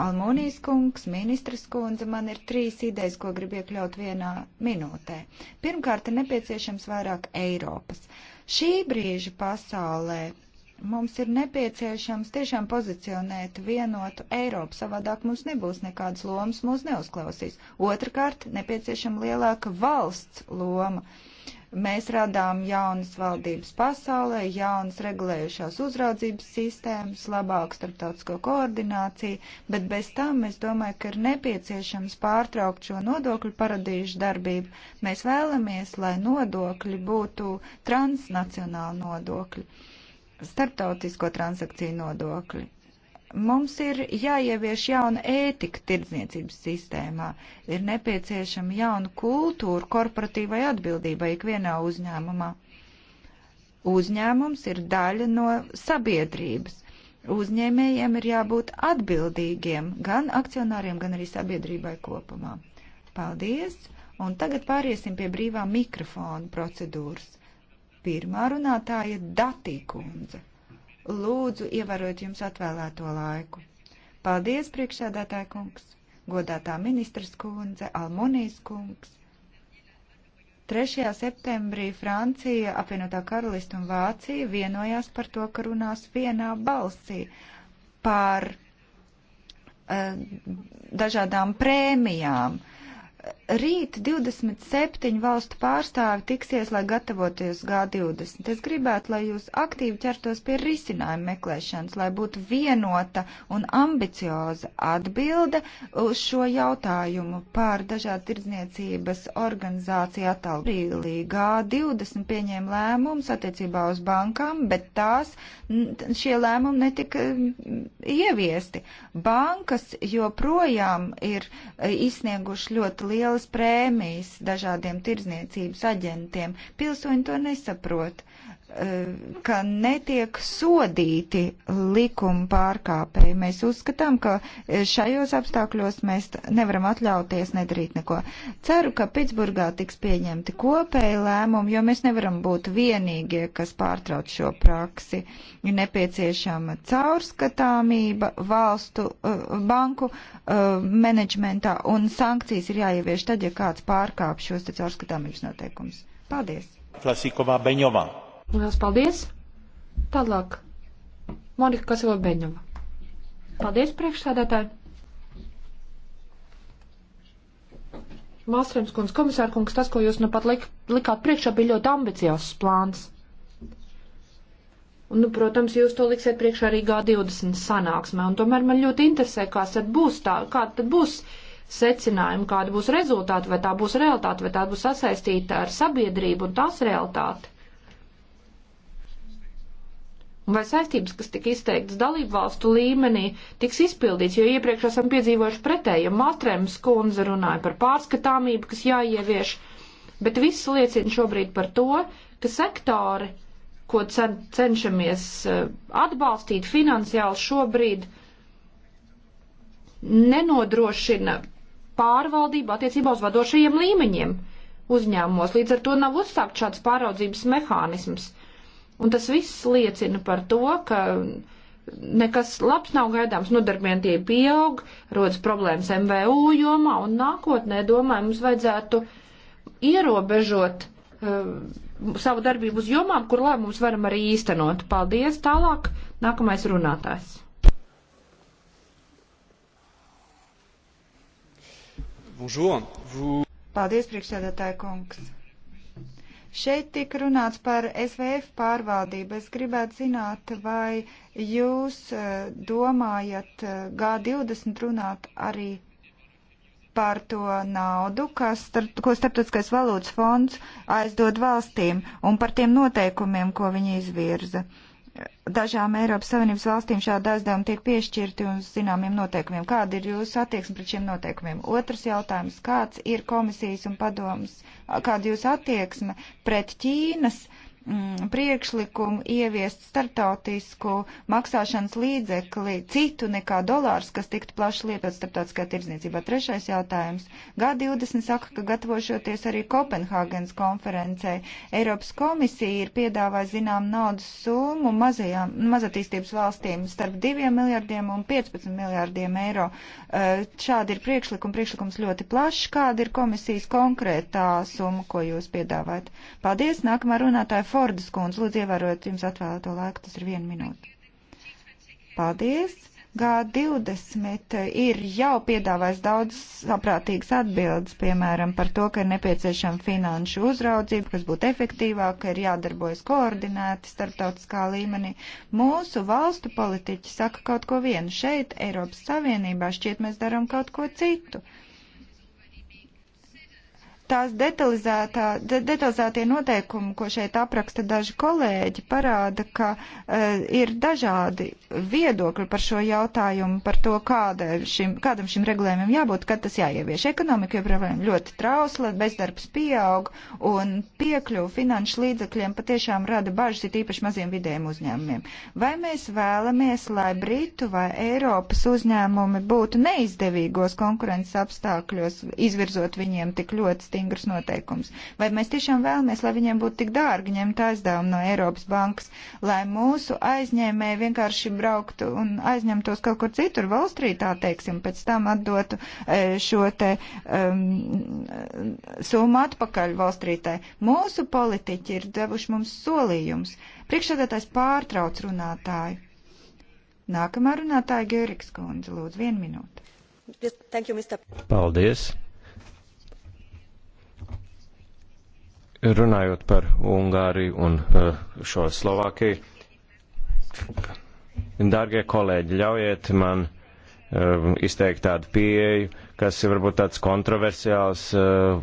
Almonijas kungs, ministras kundze, man ir trīs idejas, ko grib iekļaut vienā minūtē. Pirmkārt, ir nepieciešams vairāk Eiropas. Šī brīža pasaulē mums ir nepieciešams tiešām pozicionēt vienotu Eiropu, savādāk mums nebūs nekādas lomas, mūs neuzklausīs. Otrakārt, nepieciešama lielāka valsts loma. Uh, Mēs radām jaunas valdības pasaulē, jaunas regulējušās uzraudzības sistēmas, labāku starptautisko koordināciju, bet bez tam es domāju, ka ir nepieciešams pārtraukt šo nodokļu paradīžu darbību. Mēs vēlamies, lai nodokļi būtu transnacionāli nodokļi, starptautisko transakciju nodokļi. Mums ir jāievieš jauna ētika tirdzniecības sistēmā, ir nepieciešama jauna kultūra korporatīvai atbildībai ikvienā uzņēmumā. Uzņēmums ir daļa no sabiedrības. Uzņēmējiem ir jābūt atbildīgiem gan akcionāriem, gan arī sabiedrībai kopumā. Paldies! Un tagad pāriesim pie brīvā mikrofona procedūras. Pirmā runātāja Datī kundze. Lūdzu, ievērot jums atvēlēto laiku. Paldies, priekšsēdētāja kungs, godātā ministras kundze, Almonijas kungs. 3. septembrī Francija, apvienotā karalista un Vācija vienojās par to, ka runās vienā balsī par uh, dažādām prēmijām uh, Rīt 27 valstu pārstāvi tiksies, lai gatavoties G20. Es gribētu, lai jūs aktīvi ķertos pie risinājuma meklēšanas, lai būtu vienota un ambicioza atbilde uz šo jautājumu par dažādu tirdzniecības organizāciju atalbrīlī. G20 pieņēma lēmumus attiecībā uz bankām, bet tās, šie lēmumi netika ieviesti. Bankas joprojām ir e, izsnieguši ļoti lielu lielas prēmijas dažādiem tirdzniecības aģentiem. Pilsoņi to nesaprot. Eh, ka netiek sodīti likuma pārkāpēji. Mēs uzskatām, ka eh, šajos apstākļos mēs nevaram atļauties nedarīt neko. Ceru, ka Pitsburgā tiks pieņemti kopēji lēmumi, jo mēs nevaram būt vienīgie, kas pārtrauc šo praksi. Ir nepieciešama caurskatāmība valstu eh, banku menedžmentā un sankcijas ir jāievieš tad, ja kāds pārkāp šos caurskatāmības noteikumus. Paldies! Klasīkovā Beņovā. Lielas paldies! Tālāk. Monika Kasova Beņova. Paldies, priekšsādātāji! Māstrēms kundz, komisāra kungs, tas, ko jūs nu pat lik, likāt priekšā, bija ļoti ambiciozs plāns. Un, nu, protams, jūs to liksiet priekšā arī G20 sanāksmē, un tomēr man ļoti interesē, kāds tad būs tā, kāda tad būs secinājumi, kāda būs rezultāti, vai tā būs realitāte, vai tā būs sasaistīta ar sabiedrību un tās realitāti. Un vai saistības, kas tika izteiktas dalību valstu līmenī, tiks izpildīts, jo iepriekš esam piedzīvojuši pretēju. Matrēms kundze runāja par pārskatāmību, kas jāievieš, bet viss liecina šobrīd par to, ka sektori, ko cen, cenšamies eh, atbalstīt finansiāli šobrīd, nenodrošina pārvaldību attiecībā uz vadošajiem līmeņiem uzņēmumos. Līdz ar to nav uzsākt šāds pāraudzības mehānisms. Un tas viss liecina par to, ka nekas labs nav gaidāms, nodarbinātība pieaug, rodas problēmas MVU jomā, un nākotnē, domāju, mums vajadzētu ierobežot uh, savu darbību uz jomām, kur lēmumus varam arī īstenot. Paldies, tālāk nākamais runātājs. Bonjour. Vous... Paldies, priekšsēdētāja kungs. Šeit tika runāts par SVF pārvaldību. Es gribētu zināt, vai jūs eh, domājat eh, G20 runāt arī par to naudu, kas, starp, ko Starptautiskais valūtas fonds aizdod valstīm un par tiem noteikumiem, ko viņi izvirza. Uh, dažām Eiropas Savienības valstīm šāda aizdevuma tiek piešķirti uz zināmiem noteikumiem. Kāda ir jūsu attieksme pret šiem noteikumiem? Otrs jautājums, kāds ir komisijas un padomas, kāda jūsu attieksme pret Ķīnas uh, mm, priekšlikumu ieviest startautisku maksāšanas līdzekli citu nekā dolārs, kas tiktu plaši lietot starptautiskā tirdzniecībā. Trešais jautājums. G20 saka, ka gatavošoties arī Kopenhāgenes konferencē, Eiropas komisija ir piedāvājusi zinām naudas summu mazajām, mazatīstības valstīm starp 2 miljardiem un 15 miljardiem eiro. Eh, šādi ir priekšlikumi, priekšlikums ļoti plašs. Kāda ir komisijas konkrētā summa, ko jūs piedāvājat? Paldies, nākamā runātāja. Fordas kundze, lūdzu ievērojot jums atvēlēto laiku, tas ir viena minūte. Paldies! G20 ir jau piedāvājis daudz saprātīgas atbildes, piemēram, par to, ka ir nepieciešama finanšu uzraudzība, kas būtu efektīvāka, ka ir jādarbojas koordinēti starptautiskā līmenī. Mūsu valstu politiķi saka kaut ko vienu. Šeit, Eiropas Savienībā, šķiet mēs darām kaut ko citu tās detalizētie noteikumi, ko šeit apraksta daži kolēģi, parāda, ka uh, ir dažādi viedokļi par šo jautājumu, par to, kāda šim, kādam šim regulējumam jābūt, kad tas jāievieš. Ekonomika joprojām ļoti trausla, bezdarbs pieaug un piekļuvu finanšu līdzekļiem patiešām rada bažas, it īpaši maziem vidējiem uzņēmumiem. Vai mēs vēlamies, lai Britu vai Eiropas uzņēmumi būtu neizdevīgos konkurences apstākļos, izvirzot viņiem tik ļoti stingrus noteikumus. Vai mēs tiešām vēlamies, lai viņiem būtu tik dārgi ņemt aizdevumu no Eiropas bankas, lai mūsu aizņēmēji vienkārši brauktu un aizņemtos kaut kur citur, valstrītā, teiksim, pēc tam atdotu e, šo te um, summu atpakaļ valstrītai. Mūsu politiķi ir devuši mums solījums. Priekšsēdētājs pārtrauc runātāju. Nākamā runātāja Gēriks kundze, lūdzu, vienu minūtu. Thank you, Mr. Paldies, Runājot par Ungāriju un eh, šo Slovākiju, dārgie kolēģi, ļaujiet man eh, izteikt tādu pieeju, kas ir varbūt tāds kontroversiāls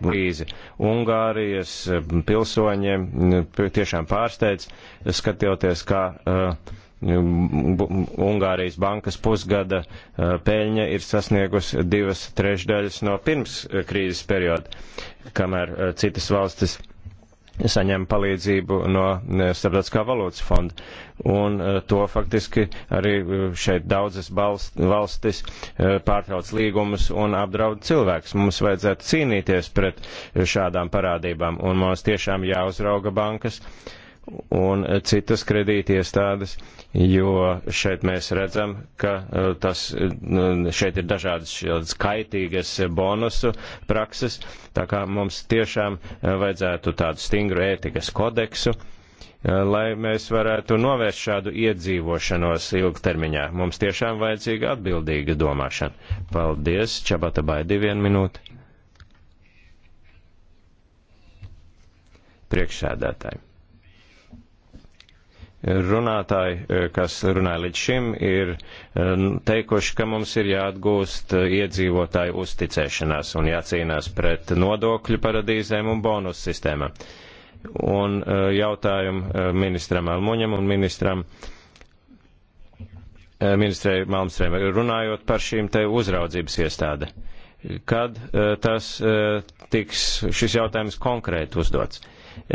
brīzi. Eh, Ungārijas pilsoņiem tiešām pārsteidz, skatoties, kā Ungārijas bankas pusgada peļņa ir sasniegusi divas trešdaļas no pirms krīzes perioda, kamēr citas valstis saņem palīdzību no Starptautiskā valūtas fonda. Un eh, to faktiski arī eh, šeit daudzas valstis eh, pārtrauc līgumus un apdraud cilvēks. Mums vajadzētu cīnīties pret šādām parādībām un mums tiešām jāuzrauga bankas un citas kredītiestādes, jo šeit mēs redzam, ka e, tas, šeit ir dažādas šādas kaitīgas bonusu prakses, tā kā mums tiešām e, vajadzētu tādu stingru ētikas kodeksu, e, lai mēs varētu novērst šādu iedzīvošanos ilgtermiņā. Mums tiešām vajadzīga atbildīga domāšana. Paldies, Čabata Baidi, vienu minūti. Priekšsēdētāji runātāji, eh, kas runāja līdz šim, ir eh, teikuši, ka mums ir jāatgūst eh, iedzīvotāju uzticēšanās un jācīnās pret nodokļu paradīzēm un bonus sistēmām. Un jautājumu ministram Almuņam un ministram. Ministrei Malmstrēmai runājot par šīm te uzraudzības iestāde. Kad tas tiks šis jautājums konkrēti uzdots?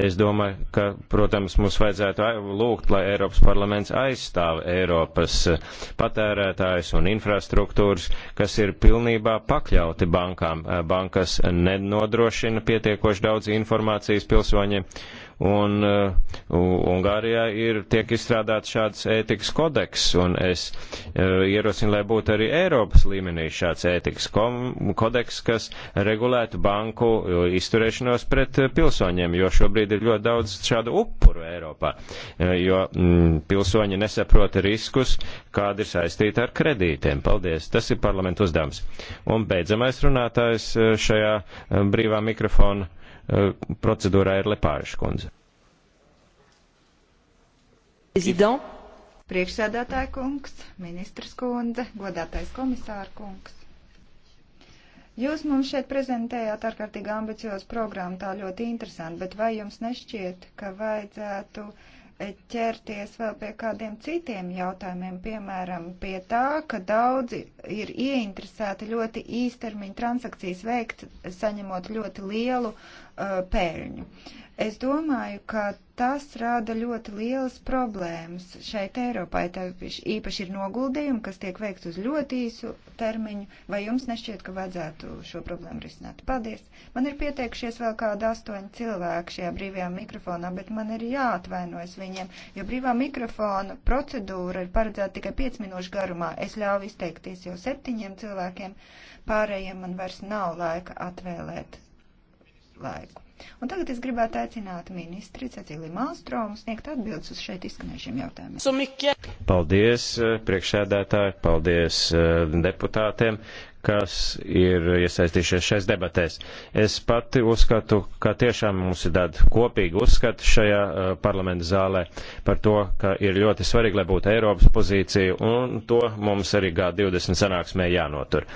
Es domāju, ka, protams, mums vajadzētu lūgt, lai Eiropas parlaments aizstāv Eiropas e, patērētājus un infrastruktūras, kas ir pilnībā pakļauti bankām. E, bankas nenodrošina pietiekoši daudz informācijas pilsoņiem un uh, Ungārijā ir tiek izstrādāts šāds ētikas kodeks, un es uh, ierosinu, lai būtu arī Eiropas līmenī šāds ētikas kodeks, kas regulētu banku uh, izturēšanos pret uh, pilsoņiem, jo šobrīd ir ļoti daudz šādu upuru Eiropā, uh, jo mm, pilsoņi nesaprota riskus, kāda ir saistīta ar kredītiem. Paldies, tas ir parlamentu uzdevums. Un beidzamais runātājs šajā brīvā mikrofona Eh, procedūrā ir Lepāža kundze. Priekšsēdētāja kungs, ministrs kundze, godātais komisāra kungs. Jūs mums šeit prezentējāt ārkārtīgi ambiciozu programmu, tā ļoti interesanti, bet vai jums nešķiet, ka vajadzētu uh, ķerties vēl pie kādiem citiem jautājumiem, piemēram, pie tā, ka daudzi ir ieinteresēti ļoti īstermiņa transakcijas veikt, saņemot ļoti lielu uh, pēļņu. Es domāju, ka tas rada ļoti lielas problēmas šeit Eiropai. Tā īpaši ir noguldījumi, kas tiek veikt uz ļoti īsu termiņu. Vai jums nešķiet, ka vajadzētu šo problēmu risināt? Paldies! Man ir pieteikšies vēl kāda astoņa cilvēka šajā brīvajā mikrofonā, bet man ir jāatvainojas viņiem, jo brīvā mikrofona procedūra ir paredzēta tikai 5 minūšu garumā. Es ļauju izteikties jau septiņiem cilvēkiem, pārējiem man vairs nav laika atvēlēt laiku. Un tagad es gribētu aicināt ministri Cecīliju Malstromu sniegt atbildes uz šeit izskanējušiem jautājumiem. Paldies, eh, priekšsēdētāji, paldies eh, deputātiem kas ir iesaistījušies šais debatēs. Es pati uzskatu, ka tiešām mums ir tāda kopīga uzskata šajā parlamenta zālē par to, ka ir ļoti svarīgi, lai būtu Eiropas pozīcija, un to mums arī G20 sanāksmē jānotur.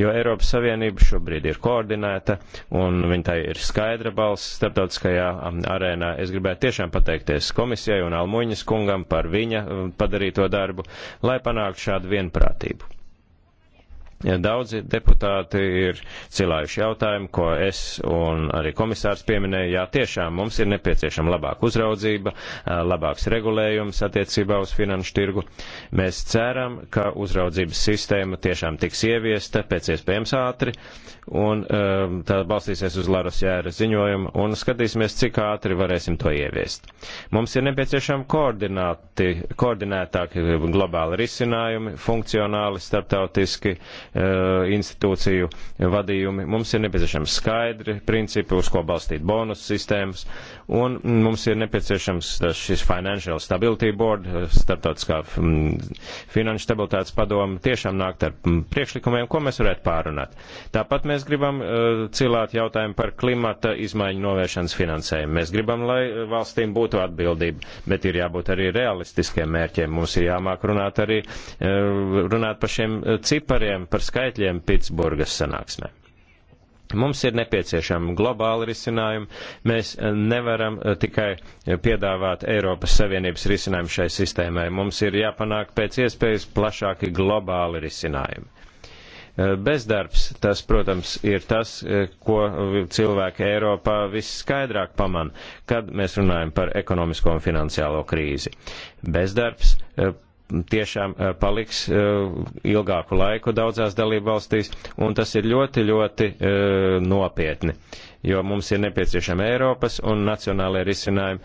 Jo Eiropas Savienība šobrīd ir koordinēta, un viņa tai ir skaidra balss starptautiskajā arēnā. Es gribētu tiešām pateikties komisijai un Almuņas kungam par viņa padarīto darbu, lai panāktu šādu vienprātību. Ja daudzi deputāti ir cilājuši jautājumu, ko es un arī komisārs pieminēja. Jā, tiešām mums ir nepieciešama labāka uzraudzība, labāks regulējums attiecībā uz finanšu tirgu. Mēs ceram, ka uzraudzības sistēma tiešām tiks ieviesta pēc iespējams ātri, un tā balstīsies uz Laras Jēra ziņojumu, un skatīsimies, cik ātri varēsim to ieviest. Mums ir nepieciešama koordinētāki globāli risinājumi, funkcionāli, starptautiski, Eh, institūciju vadījumi. Mums ir nepieciešams skaidri principi, uz ko balstīt bonus sistēmas, Un mums ir nepieciešams šis Financial Stability Board, starptautiskā mm, finanšu stabilitātes padoma, tiešām nākt ar mm, priekšlikumiem, ko mēs varētu pārunāt. Tāpat mēs gribam eh, cilāt jautājumu par klimata izmaiņu novēršanas finansējumu. Mēs gribam, lai eh, valstīm būtu atbildība, bet ir jābūt arī realistiskiem mērķiem. Mums ir jāmāk runāt arī eh, runāt par šiem cipariem, par skaitļiem Pitsburgas sanāksmēm. Mums ir nepieciešama globāla risinājuma. Mēs eh, nevaram eh, tikai eh, piedāvāt Eiropas Savienības risinājumu šai sistēmai. Mums ir jāpanāk pēc iespējas plašāki globāli risinājumi. Bezdarbs, tas, protams, ir tas, ko cilvēki Eiropā visskaidrāk paman, kad mēs runājam par ekonomisko un finansiālo krīzi. Bezdarbs tiešām eh, paliks eh, ilgāku laiku daudzās dalībvalstīs, un tas ir ļoti, ļoti eh, nopietni jo mums ir nepieciešama Eiropas un nacionālajie risinājumi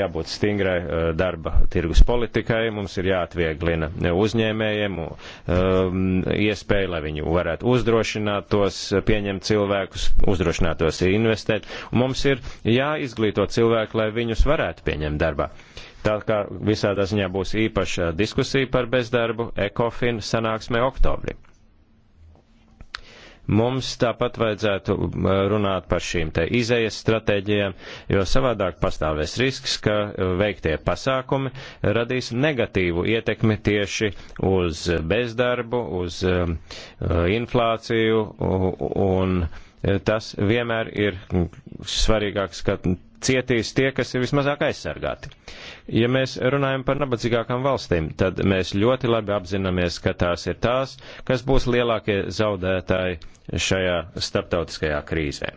jābūt stingrai eh, darba tirgus politikai, mums ir jāatvieglina uzņēmējiem um, iespēju, lai viņi varētu uzdrošināt tos, pieņemt cilvēkus, uzdrošināt tos investēt, un mums ir jāizglīto cilvēki, lai viņus varētu pieņemt darbā. Tā kā visādā ziņā būs īpaša diskusija par bezdarbu, ECOFIN sanāksmē oktobrī. Mums tāpat vajadzētu runāt par šīm te izējas stratēģijām, jo savādāk pastāvēs risks, ka e, veiktie pasākumi radīs negatīvu ietekmi tieši uz bezdarbu, uz e, e, inflāciju un tas vienmēr ir svarīgāks, ka cietīs tie, kas ir vismazāk aizsargāti. Ja mēs runājam par nabadzīgākām valstīm, tad mēs ļoti labi apzināmies, ka tās ir tās, kas būs lielākie zaudētāji šajā starptautiskajā krīzē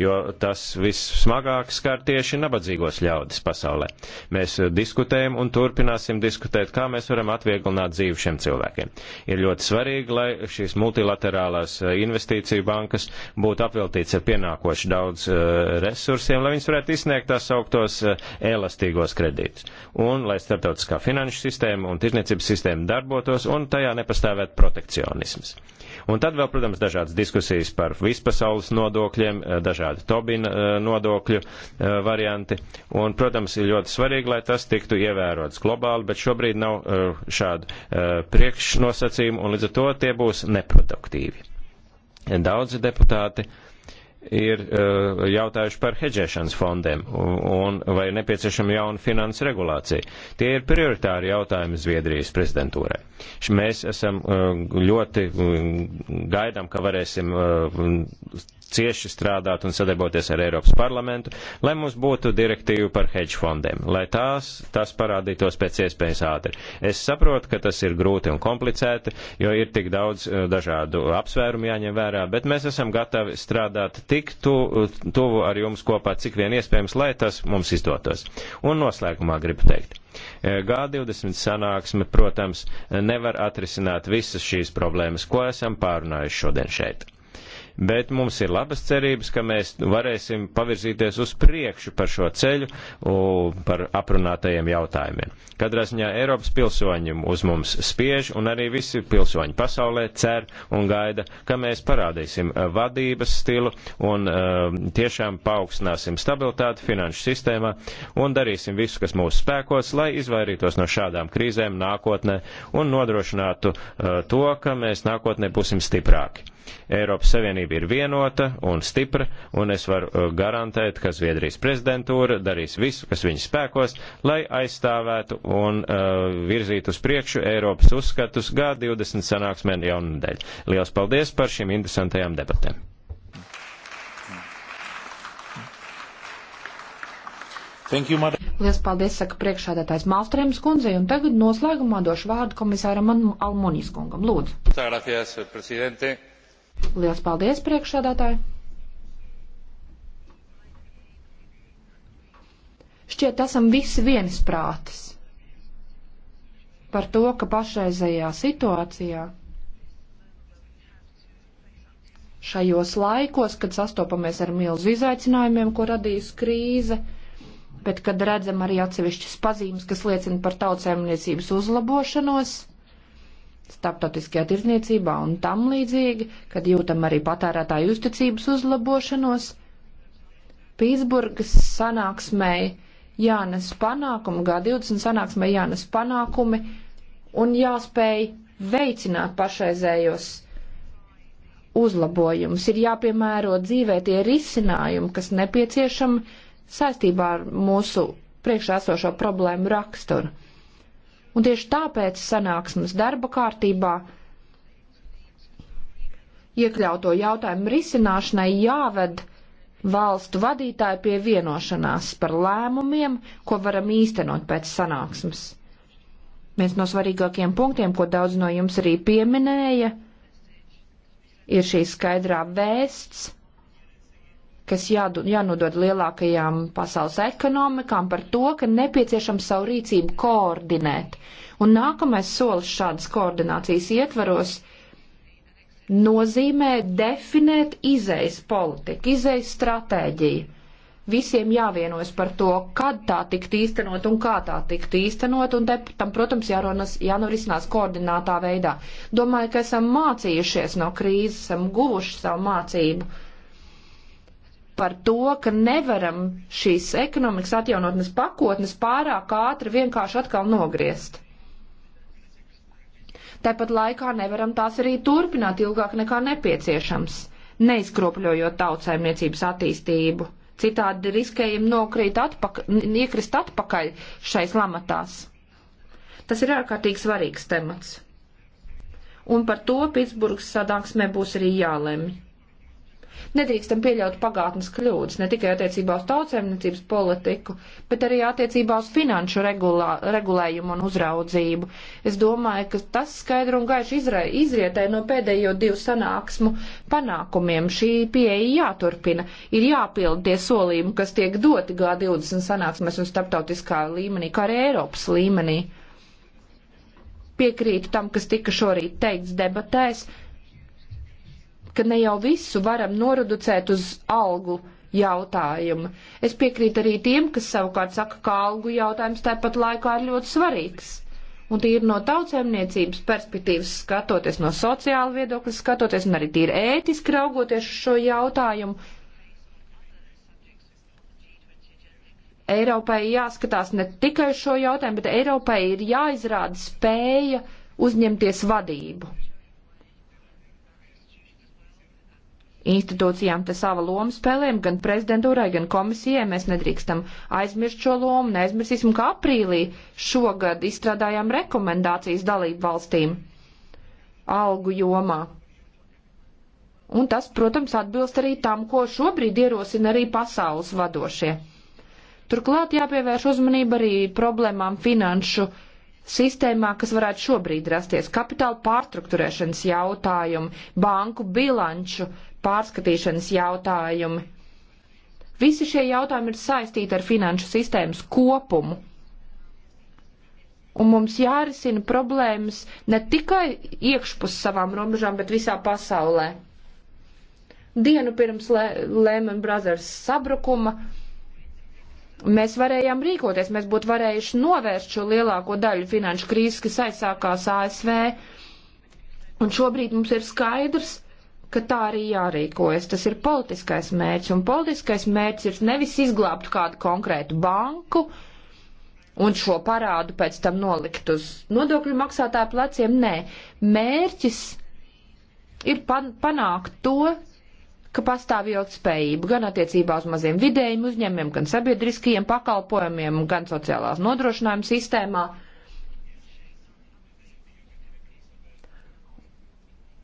jo tas vissmagāk skar tieši nabadzīgos ļaudis pasaulē. Mēs eh, diskutējam un turpināsim diskutēt, kā mēs varam atvieglināt dzīvi šiem cilvēkiem. Ir ļoti svarīgi, lai šīs multilaterālās eh, investīciju bankas būtu apveltīts ar pienākoši daudz eh, resursiem, lai viņas varētu izsniegt tās augtos elastīgos kredītus. Un lai starptautiskā finanšu sistēma un tirzniecības sistēma darbotos un tajā nepastāvētu protekcionisms. Un tad vēl, protams, dažādas diskusijas par vispasaules nodokļiem, eh, dažādi Tobina eh, nodokļu eh, varianti. Un, protams, ir ļoti svarīgi, lai tas tiktu ievērots globāli, bet šobrīd nav šādu priekšnosacījumu, un līdz ar to tie būs neproduktīvi. Daudzi deputāti uh, ir uh, jautājuši par hedžēšanas fondiem un, un vai ir nepieciešama jauna finanses regulācija. Tie ir prioritāri jautājumi Zviedrijas prezidentūrai. Mēs esam uh, ļoti gaidām, ka varēsim uh, cieši strādāt un sadarboties ar Eiropas parlamentu, lai mums būtu direktīva par hedge fondiem, lai tās, tas parādītos pēc iespējas ātri. Es saprotu, ka tas ir grūti un komplicēti, jo ir tik daudz eh, dažādu apsvērumu jāņem vērā, bet mēs esam gatavi strādāt tik tu, tuvu ar jums kopā, cik vien iespējams, lai tas mums izdotos. Un noslēgumā gribu teikt. Eh, G20 sanāksme, protams, nevar atrisināt visas šīs problēmas, ko esam pārunājuši šodien šeit bet mums ir labas cerības, ka mēs varēsim pavirzīties uz priekšu par šo ceļu, par aprunātajiem jautājumiem. Katrā ziņā Eiropas pilsoņi uz mums spiež, un arī visi pilsoņi pasaulē cer un gaida, ka mēs parādīsim uh, vadības stilu un uh, tiešām paaugstināsim stabilitāti finanšu sistēmā un darīsim visu, kas mūsu spēkos, lai izvairītos no šādām krīzēm nākotnē un nodrošinātu uh, to, ka mēs nākotnē būsim stiprāki. Eiropas Savienība ir vienota un stipra, un es varu uh, garantēt, ka Zviedrijas prezidentūra darīs visu, kas viņas spēkos, lai aizstāvētu un uh, virzītu uz priekšu Eiropas uzskatus G20 sanāksmē jaunadēļ. Lielas paldies par šīm interesantajām debatēm! Lielas paldies, saka priekšādātājs Malstrēms kundzei, un tagad noslēgumā došu vārdu komisāram Almonijas kungam. Lūdzu. Gracias, Liels paldies, priekšsādātāji! Šķiet, esam visi viensprātis par to, ka pašreizējā situācijā šajos laikos, kad sastopamies ar milzu izaicinājumiem, ko radījusi krīze, bet kad redzam arī atsevišķas pazīmes, kas liecina par tautsēmniecības uzlabošanos, starptautiskajā tirzniecībā un tam līdzīgi, kad jūtam arī patērētāju uzticības uzlabošanos. Pīsburgas sanāksmēji jānes panākumi, G20 sanāksmē jānes panākumi un jāspēj veicināt pašreizējos uzlabojumus. Ir jāpiemēro dzīvē tie risinājumi, kas nepieciešami saistībā ar mūsu priekšā esošo problēmu raksturu Un tieši tāpēc sanāksmes darba kārtībā iekļauto jautājumu risināšanai jāved valstu vadītāji pie vienošanās par lēmumiem, ko varam īstenot pēc sanāksmes. Viens no svarīgākiem punktiem, ko daudz no jums arī pieminēja, ir šī skaidrā vēsts kas jādu, jānodod lielākajām pasaules ekonomikām par to, ka nepieciešams savu rīcību koordinēt. Un nākamais solis šādas koordinācijas ietvaros nozīmē definēt izējas politiku, izējas stratēģiju. Visiem jāvienojas par to, kad tā tikt īstenot un kā tā tikt īstenot, un te, tam, protams, jārunas, jānorisinās koordinātā veidā. Domāju, ka esam mācījušies no krīzes, esam guvuši savu mācību par to, ka nevaram šīs ekonomikas atjaunotnes pakotnes pārāk ātri vienkārši atkal nogriezt. Tāpat laikā nevaram tās arī turpināt ilgāk nekā nepieciešams, neizkropļojot tautsēmniecības attīstību. Citādi riskējam nokrīt atpaka, iekrist atpakaļ šais lamatās. Tas ir ārkārtīgi svarīgs temats. Un par to Pitsburgas sadāksmē būs arī jālemj. Nedrīkstam pieļaut pagātnes kļūdas ne tikai attiecībā uz tautsēmniecības politiku, bet arī attiecībā uz finanšu regulā, regulējumu un uzraudzību. Es domāju, ka tas skaidri un gaiši izrietē no pēdējo divu sanāksmu panākumiem. Šī pieeja jāturpina, ir jāpild tie solījumi, kas tiek doti G20 sanāksmēs un starptautiskā līmenī, kā arī Eiropas līmenī. Piekrītu tam, kas tika šorīt teikts debatēs ka ne jau visu varam noreducēt uz algu jautājumu. Es piekrītu arī tiem, kas savukārt saka, ka algu jautājums tāpat laikā ir ļoti svarīgs. Un tīri no tautsēmniecības perspektīvas skatoties, no sociāla viedokļa skatoties un arī tīri ētiski raugoties uz šo jautājumu, Eiropai jāskatās ne tikai šo jautājumu, bet Eiropai ir jāizrāda spēja uzņemties vadību. institūcijām te sava loma spēlēm, gan prezidentūrai, gan komisijai. Mēs nedrīkstam aizmirst šo lomu, neaizmirsīsim, ka aprīlī šogad izstrādājām rekomendācijas dalību valstīm algu jomā. Un tas, protams, atbilst arī tam, ko šobrīd ierosina arī pasaules vadošie. Turklāt jāpievērš uzmanība arī problēmām finanšu sistēmā, kas varētu šobrīd rasties - kapitāla pārstruktūrēšanas jautājumu, banku bilanču pārskatīšanas jautājumi. Visi šie jautājumi ir saistīti ar finanšu sistēmas kopumu. Un mums jārisina problēmas ne tikai iekšpus savām robežām, bet visā pasaulē. Dienu pirms Lehman Brothers sabrukuma mēs varējām rīkoties, mēs būtu varējuši novērst šo lielāko daļu finanšu krīzes, kas aizsākās ASV. Un šobrīd mums ir skaidrs, ka tā arī jārīkojas. Tas ir politiskais mērķis, un politiskais mērķis ir nevis izglābt kādu konkrētu banku un šo parādu pēc tam nolikt uz nodokļu maksātāju pleciem. Nē, mērķis ir pan panākt to, ka pastāv ilgtspējība gan attiecībā uz maziem vidējiem uzņēmiem, gan sabiedriskajiem pakalpojumiem, gan sociālās nodrošinājuma sistēmā.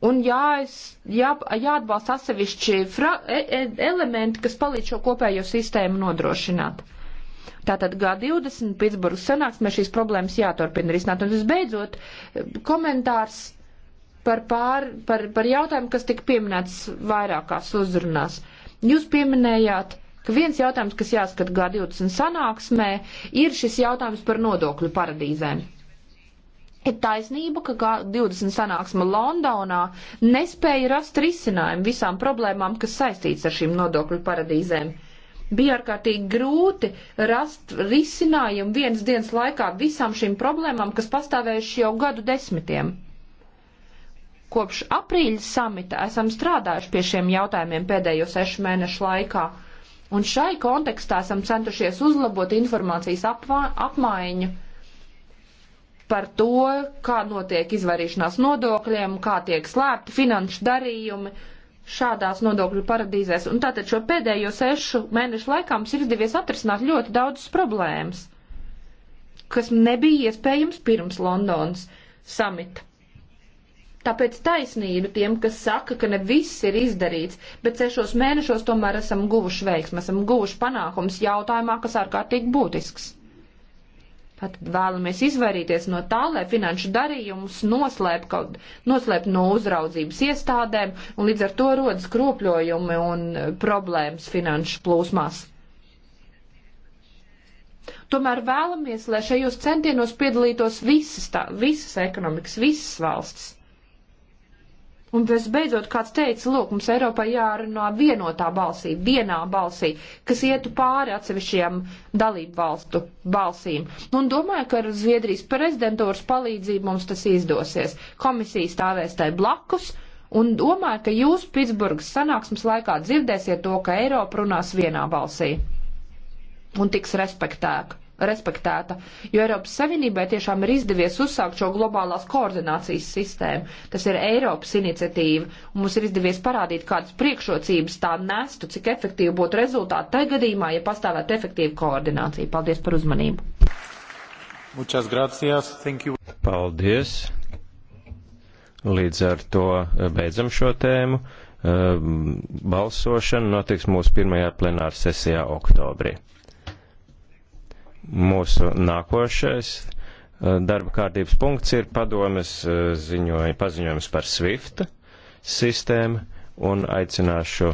un jāiz, jā, jāatbalsta atsevišķi fra, e, e, elementi, kas palīdz šo kopējo sistēmu nodrošināt. Tātad G20 Pitsburgas sanāksmē šīs problēmas jāturpina risināt. Un visbeidzot, komentārs par, pār, par, par jautājumu, kas tika pieminēts vairākās uzrunās. Jūs pieminējāt, ka viens jautājums, kas jāskat G20 sanāksmē, ir šis jautājums par nodokļu paradīzēm ir taisnība, ka G20 sanāksme Londonā nespēja rast risinājumu visām problēmām, kas saistīts ar šīm nodokļu paradīzēm. Bija ārkārtīgi grūti rast risinājumu vienas dienas laikā visām šīm problēmām, kas pastāvējuši jau gadu desmitiem. Kopš aprīļa samita esam strādājuši pie šiem jautājumiem pēdējo sešu mēnešu laikā, un šai kontekstā esam centušies uzlabot informācijas apmaiņu par to, kā notiek izvairīšanās nodokļiem, kā tiek slēpti finanšu darījumi šādās nodokļu paradīzēs. Un tātad šo pēdējo sešu mēnešu laikā mums ir izdevies atrisināt ļoti daudzas problēmas, kas nebija iespējams pirms Londonas samita. Tāpēc taisnība tiem, kas saka, ka ne viss ir izdarīts, bet sešos mēnešos tomēr esam guvuši veiksmi, esam guvuši panākums jautājumā, kas ārkārtīgi būtisks. Tad vēlamies izvairīties no tā, lai finanšu darījumus noslēp, kaut, noslēp no uzraudzības iestādēm, un līdz ar to rodas kropļojumi un e, problēmas finanšu plūsmās. Tomēr vēlamies, lai šajos centienos piedalītos visas, tā, visas ekonomikas, visas valsts. Un visbeidzot, kāds teica, lūk, mums Eiropā jārunā vienotā balsī, vienā balsī, kas ietu pāri atsevišķiem dalību valstu balsīm. Un domāju, ka ar Zviedrijas prezidentūras palīdzību mums tas izdosies. Komisija stāvēs tai blakus. Un domāju, ka jūs Pitsburgas sanāksmes laikā dzirdēsiet to, ka Eiropa runās vienā balsī un tiks respektēta respektēta, jo Eiropas Savienībai tiešām ir izdevies uzsākt šo globālās koordinācijas sistēmu. Tas ir Eiropas iniciatīva, un mums ir izdevies parādīt, kādas priekšrocības tā nestu, cik efektīvi būtu rezultāti tajā gadījumā, ja pastāvētu efektīva koordinācija. Paldies par uzmanību! Muchas gracias, thank you. Paldies! Līdz ar to eh, beidzam šo tēmu. Eh, balsošana notiks mūsu pirmajā plenāra sesijā oktobrī. Mūsu nākošais eh, darba kārtības punkts ir padomes eh, ziņoja, paziņojums par SWIFT sistēmu un aicināšu